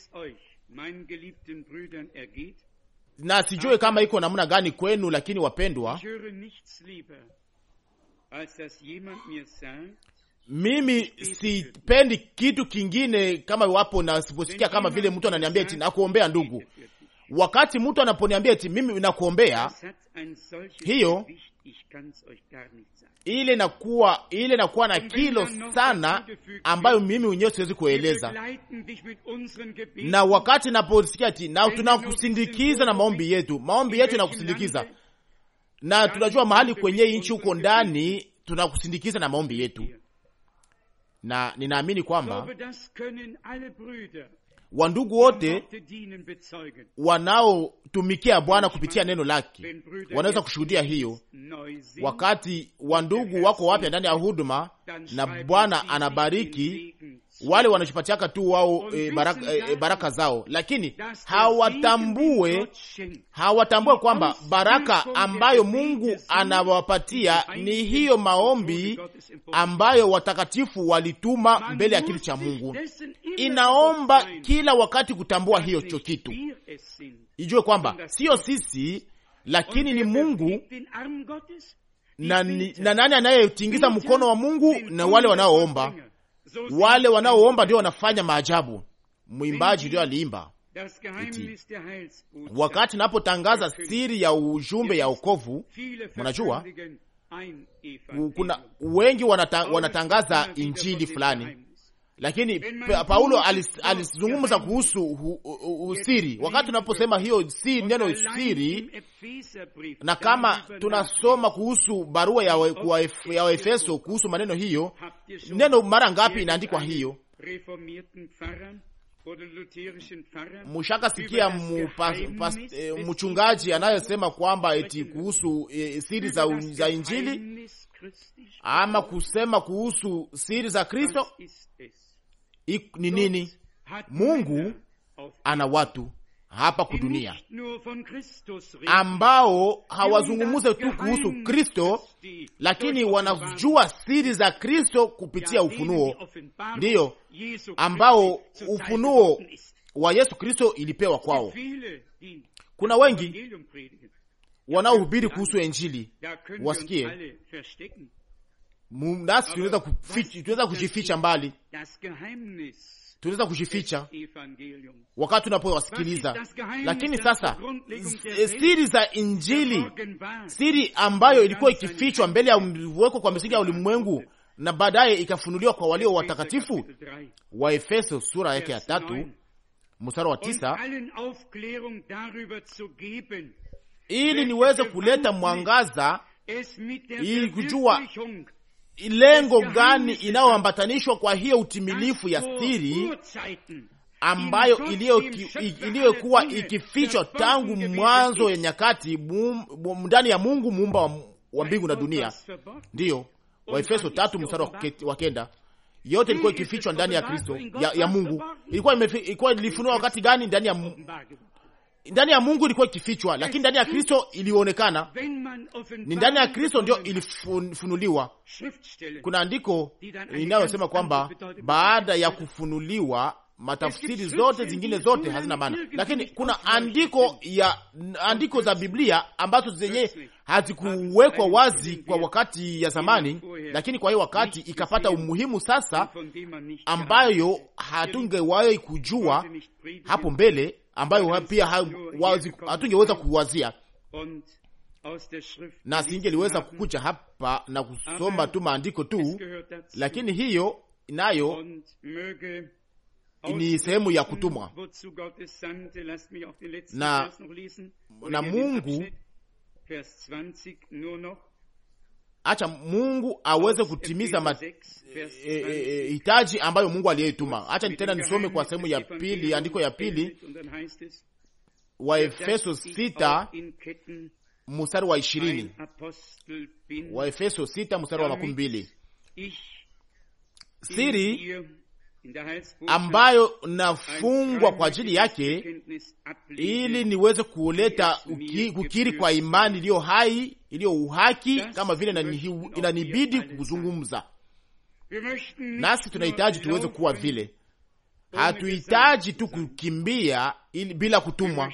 Na sijue kama iko namna gani kwenu, lakini wapendwa, mimi sipendi kitu kingine kama wapo na siposikia, kama vile mtu ananiambia eti nakuombea ndugu. Wakati mtu anaponiambia eti mimi nakuombea, hiyo ile nakuwa ile nakuwa na kilo sana ambayo mimi mwenyewe siwezi kueleza. Na wakati naposikia ti na tunakusindikiza na maombi yetu, maombi yetu inakusindikiza, na tunajua mahali kwenye nchi huko ndani, tunakusindikiza na maombi yetu na ninaamini kwamba wandugu wote wanaotumikia Bwana kupitia neno lake wanaweza kushuhudia hiyo. Wakati wandugu wako wapya ndani ya huduma na Bwana anabariki wale wanajipatiaka tu wao e, baraka, e, baraka zao, lakini hawatambue hawatambue kwamba baraka ambayo Mungu anawapatia ni hiyo maombi ambayo watakatifu walituma mbele ya kiti cha Mungu. Inaomba kila wakati kutambua hiyo cho kitu, ijue kwamba sio sisi, lakini ni Mungu na, na nani anayetingiza mkono wa Mungu na wale wanaoomba wale wanaoomba ndio wanafanya maajabu. Mwimbaji ndio aliimba wakati napotangaza siri ya ujumbe ya wokovu. Mnajua kuna wengi wanata, wanatangaza injili fulani lakini Paulo alizungumza kuhusu usiri. Wakati tunaposema hiyo si neno siri, na kama tunasoma kuhusu barua ya Waefeso kuhusu maneno hiyo, neno mara ngapi inaandikwa hiyo? Mushaka sikia eh, mchungaji anayesema kwamba eti kuhusu e, siri za, za Injili ama kusema kuhusu siri za Kristo ni nini? Mungu ana watu hapa kudunia ambao hawazungumuze tu kuhusu Kristo, lakini wanajua siri za Kristo kupitia ufunuo, ndiyo ambao ufunuo wa Yesu Kristo ilipewa kwao. Kuna wengi wanaohubiri kuhusu Injili wasikie, nasi tunaweza kuficha, tunaweza kujificha mbali, tunaweza kujificha wakati tunapowasikiliza, lakini sasa eh, siri za Injili, siri ambayo ilikuwa ikifichwa mbele ya uweko kwa misingi ya ulimwengu na baadaye ikafunuliwa kwa walio watakatifu. Wa Efeso sura yake ya tatu mstari wa tisa ili niweze kuleta mwangaza ili kujua lengo gani inayoambatanishwa kwa hiyo utimilifu ya siri ambayo iliyokuwa ikifichwa tangu mwanzo ya nyakati ndani ya Mungu muumba wa, mbingu na dunia. Ndiyo Waefeso tatu mstari wa kenda. Yote ilikuwa ikifichwa ndani ya Kristo ya, ya Mungu. ilikuwa ilifunua wakati gani? Ndani ya ndani ya Mungu ilikuwa ikifichwa, lakini ndani ya Kristo ilionekana. Ni ndani ya Kristo ndio ilifunuliwa. Kuna andiko linalosema kwamba baada ya kufunuliwa matafsiri zote zingine zote hazina maana, lakini kuna andiko ya andiko za Biblia ambazo zenye hazikuwekwa wazi kwa wakati ya zamani, lakini kwa hiyo wakati ikapata umuhimu sasa, ambayo hatungewahi kujua hapo mbele ambayo pia hatungeweza kuwazia na singeliweza kukucha hapa na kusoma tu maandiko tu, lakini hiyo nayo ni sehemu ya kutumwa na, na Mungu acha Mungu aweze kutimiza eh, eh, eh, hitaji e, e, ambayo Mungu aliyetuma. Acha tena nisome kwa sehemu ya pili, andiko ya pili wa Efeso sita mstari wa 20, wa Efeso sita mstari wa makumi mbili siri ambayo nafungwa kwa ajili yake ili niweze kuleta kukiri kwa imani iliyo hai iliyo uhaki kama vile inanibidi kuzungumza. Nasi tunahitaji tuweze kuwa vile, hatuhitaji tu kukimbia ili, bila kutumwa.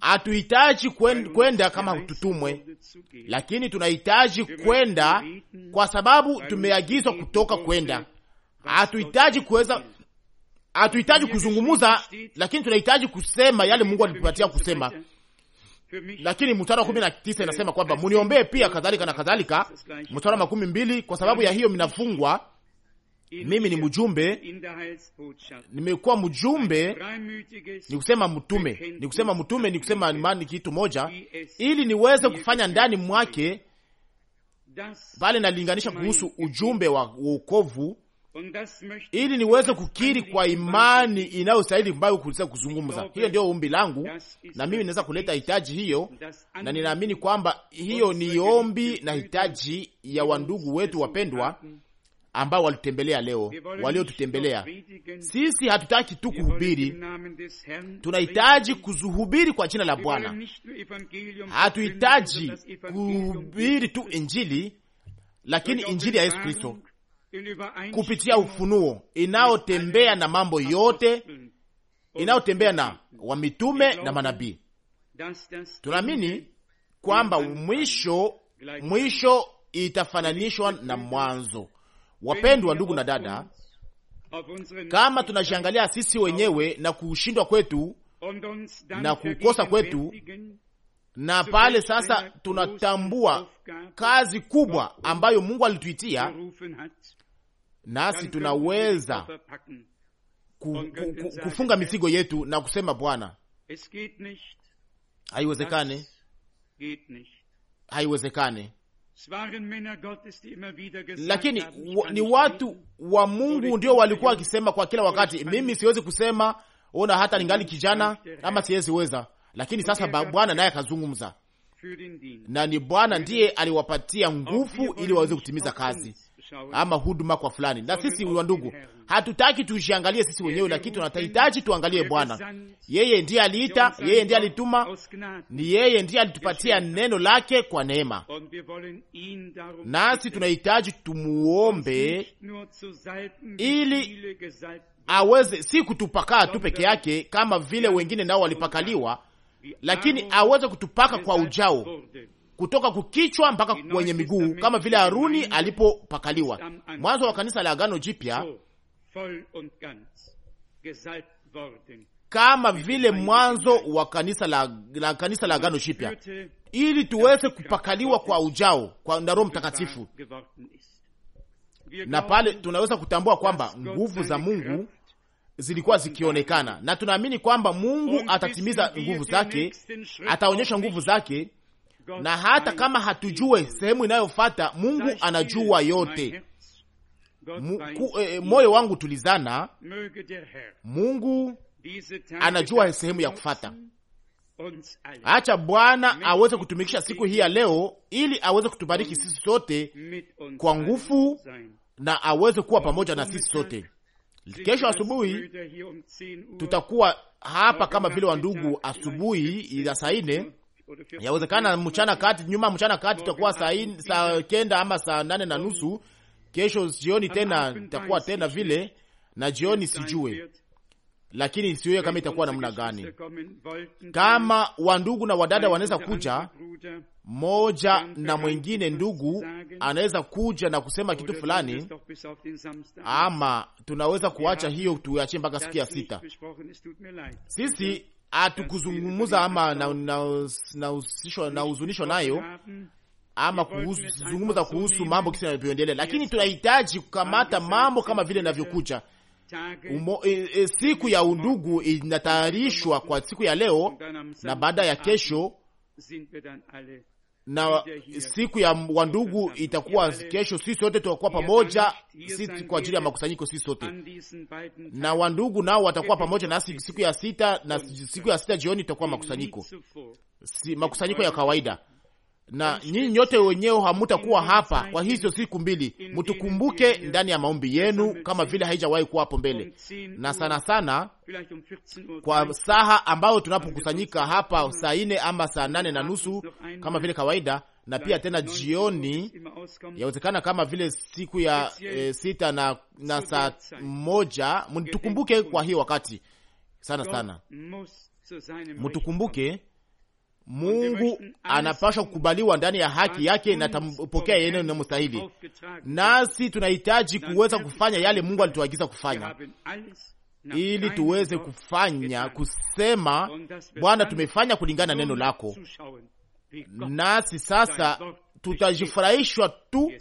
Hatuhitaji kwenda kama tutumwe, lakini tunahitaji kwenda kwa sababu tumeagizwa kutoka kwenda Hatuhitaji kuweza, hatuhitaji kuzungumuza, lakini tunahitaji kusema yale Mungu alipatia kusema. Lakini mstari wa kumi na tisa inasema kwamba muniombee pia kadhalika na kadhalika. Mstari wa makumi mbili kwa sababu ya hiyo minafungwa mimi ni mjumbe, nimekuwa mjumbe, ni kusema mtume, ni kusema mtume, ni kusema imani, kitu moja, ili niweze kufanya ndani mwake. Pale nalinganisha kuhusu ujumbe wa wokovu ili niweze kukiri kwa imani inayostahili mbayo kuweza kuzungumza. Hiyo ndio ombi langu, na mimi naweza kuleta hitaji hiyo, na ninaamini kwamba hiyo ni ombi na hitaji ya wandugu wetu wapendwa ambao walitembelea leo, waliotutembelea. Sisi hatutaki tu kuhubiri, tunahitaji kuzuhubiri kwa jina la Bwana. Hatuhitaji kuhubiri tu Injili, lakini Injili ya Yesu Kristo kupitia ufunuo inayotembea na mambo yote inayotembea na wamitume na manabii. Tunaamini kwamba mwisho mwisho itafananishwa na mwanzo. Wapendwa ndugu na dada, kama tunajiangalia sisi wenyewe na kushindwa kwetu na kukosa kwetu, na pale sasa tunatambua kazi kubwa ambayo Mungu alituitia nasi tunaweza kufunga mizigo yetu na kusema Bwana, haiwezekani haiwezekani Lakini ni watu wa Mungu ndio walikuwa wakisema kwa kila wakati, mimi siwezi kusema, ona hata ningali kijana ama siweziweza. Lakini sasa er Bwana naye akazungumza, na ni Bwana ndiye aliwapatia nguvu ili waweze kutimiza kazi ama huduma kwa fulani. Na sisi wa ndugu, hatutaki tujiangalie sisi wenyewe, lakini tunahitaji tuangalie Bwana. Yeye ndiye aliita, yeye ndiye alituma, ni yeye ndiye alitupatia neno lake kwa neema, nasi tunahitaji tumuombe ili aweze si kutupakaa tu peke yake kama vile wengine nao walipakaliwa, lakini aweze kutupaka kwa ujao kutoka kukichwa mpaka kwenye miguu, kama vile Haruni alipopakaliwa. Mwanzo wa kanisa la Agano Jipya, kama vile mwanzo wa kanisa la, la kanisa la Agano Jipya, ili tuweze kupakaliwa kwa ujao kwa na Roho Mtakatifu, na pale tunaweza kutambua kwamba nguvu za Mungu zilikuwa zikionekana, na tunaamini kwamba Mungu atatimiza nguvu zake, ataonyesha nguvu zake na hata kama hatujue sehemu inayofata Mungu anajua yote. eh, eh moyo wangu tulizana, Mungu anajua sehemu ya kufata. Acha Bwana aweze kutumikisha siku hii ya leo, ili aweze kutubariki sisi sote kwa nguvu na aweze kuwa pamoja na sisi sote. Kesho asubuhi oh, tutakuwa hapa kama vile wandugu, asubuhi ya saa nne Yawezekana mchana kati, nyuma mchana kati itakuwa saa saa kenda ama saa nane na nusu. Kesho jioni tena itakuwa tena vile, na jioni sijue, lakini siwe kama itakuwa namna gani. Kama wandugu na wadada wanaweza kuja moja na mwengine, ndugu anaweza kuja na kusema kitu fulani, ama tunaweza kuacha hiyo, tuachie mpaka siku ya sita sisi atukuzungumuza ama nahuzunishwa na, na, na nayo ama kuzungumza kuhusu mambo kisi navyoendelea, lakini tunahitaji kukamata mambo kama vile inavyokuja. E, e, siku ya undugu inatayarishwa kwa siku ya leo na baada ya kesho na siku ya wandugu itakuwa kesho. Sisi sote tutakuwa pamoja sisi kwa ajili ya makusanyiko, sisi sote na wandugu nao watakuwa pamoja nasi siku ya sita, na siku ya sita jioni itakuwa makusanyiko, si makusanyiko ya kawaida na nyinyi nyote wenyewe hamutakuwa hapa kwa hizo siku mbili. Mtukumbuke ndani ya maombi yenu, kama vile haijawahi kuwa hapo mbele, na sana sana kwa saha ambayo tunapokusanyika hapa saa nne ama saa nane na nusu kama vile kawaida, na pia tena jioni yawezekana kama vile siku ya e, sita na, na saa moja. Mtukumbuke kwa hiyo wakati sana sana, mtukumbuke Mungu anapashwa kukubaliwa ndani ya haki yake na tampokea yeneo inamostahili, nasi tunahitaji kuweza kufanya yale Mungu alituagiza kufanya ili tuweze kufanya kusema, Bwana, tumefanya kulingana neno lako, nasi sasa tutajifurahishwa tu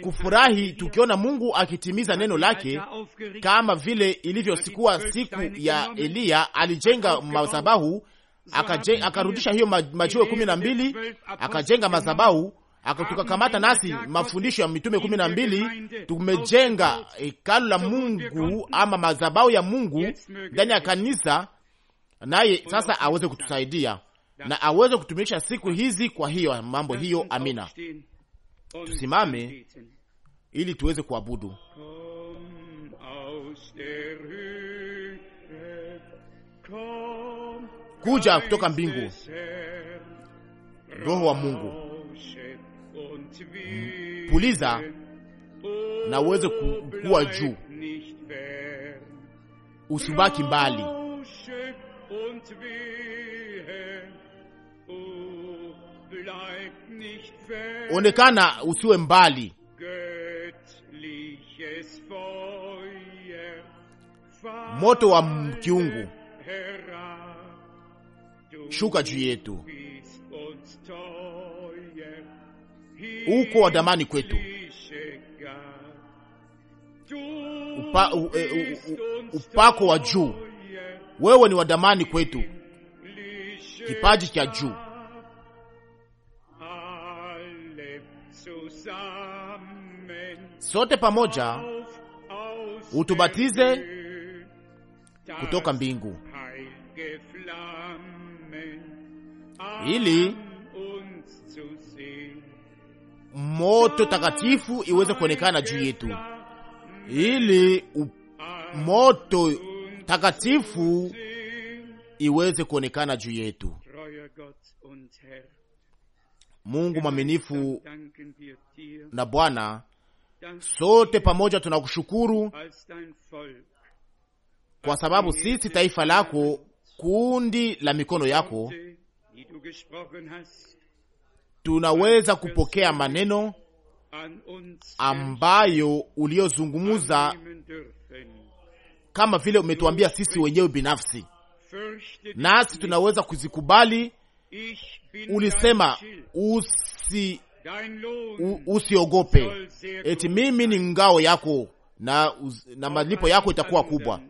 kufurahi tukiona Mungu akitimiza neno lake, kama vile ilivyosikuwa siku ya Eliya. Alijenga mazabahu akarudisha hiyo majiwe kumi na mbili akajenga madhabahu tukakamata nasi mafundisho ya mitume kumi na mbili tumejenga hekalu la Mungu ama madhabahu ya Mungu ndani ya kanisa, naye sasa aweze kutusaidia na aweze kutumilisha siku hizi. Kwa hiyo mambo hiyo, amina. Tusimame ili tuweze kuabudu kuja kutoka mbingu, Roho wa Mungu puliza na uweze kuwa juu, usibaki mbali. Onekana, usiwe mbali. Moto wa kiungu shuka juu yetu, uko wa damani kwetu. Upa, e, u, u, upako wa juu, wewe ni wa damani kwetu, kipaji cha juu sote pamoja utubatize kutoka mbingu ili moto takatifu iweze kuonekana juu yetu, ili moto takatifu iweze kuonekana juu yetu. Mungu mwaminifu na Bwana, sote pamoja tunakushukuru kwa sababu sisi taifa lako, kundi la mikono yako tunaweza kupokea maneno ambayo uliyozungumza kama vile umetuambia sisi wenyewe binafsi, nasi tunaweza kuzikubali. Ulisema usi usiogope, eti mimi ni ngao yako na, na malipo yako itakuwa kubwa.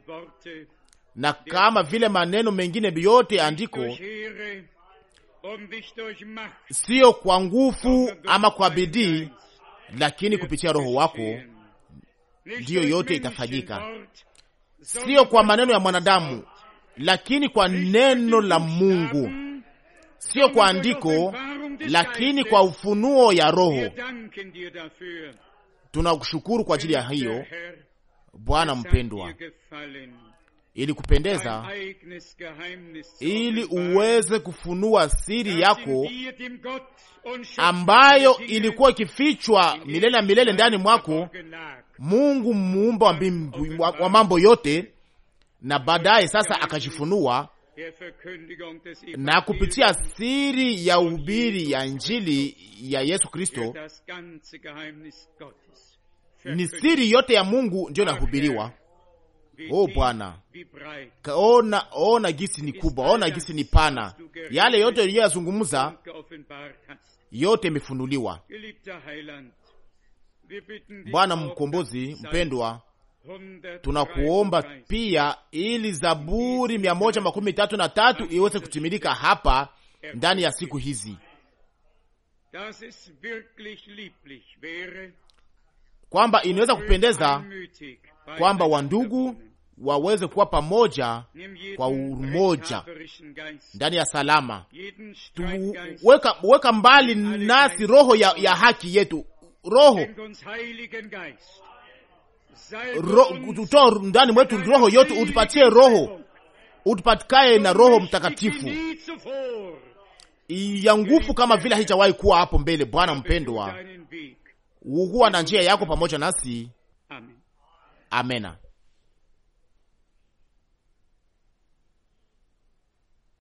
Na kama vile maneno mengine yote andiko sio kwa nguvu ama kwa bidii, lakini kupitia Roho wako ndiyo yote itafanyika, sio kwa maneno ya mwanadamu, lakini kwa neno la Mungu, sio kwa andiko, lakini kwa ufunuo ya Roho. Tunakushukuru kwa ajili ya hiyo Bwana mpendwa, ili kupendeza, ili uweze kufunua siri yako ambayo ilikuwa ikifichwa milele na milele ndani mwako, er Mungu muumba wa, wa, wa mambo yote, na baadaye sasa akajifunua na kupitia siri ya uhubiri ya Injili ya Yesu Kristo, ni siri yote ya Mungu ndiyo inahubiriwa O oh, Bwana, ona, ona gisi ni kubwa, ona gisi ni pana. Yale yote uliyoyazungumza yote imefunuliwa. Bwana mkombozi mpendwa, tunakuomba pia ili Zaburi mia moja makumi tatu na tatu iweze kutimilika hapa ndani ya siku hizi, kwamba inaweza kupendeza kwamba wandugu waweze kuwa pamoja kwa umoja ndani ya salama. Tuweka weka mbali nasi roho ya, ya haki yetu, roho tutoa ndani mwetu roho yote, utupatie roho utupatikaye na Roho Mtakatifu ya nguvu kama vile haijawahi kuwa hapo mbele. Bwana mpendwa, huwa na njia yako pamoja nasi. Amen. amena.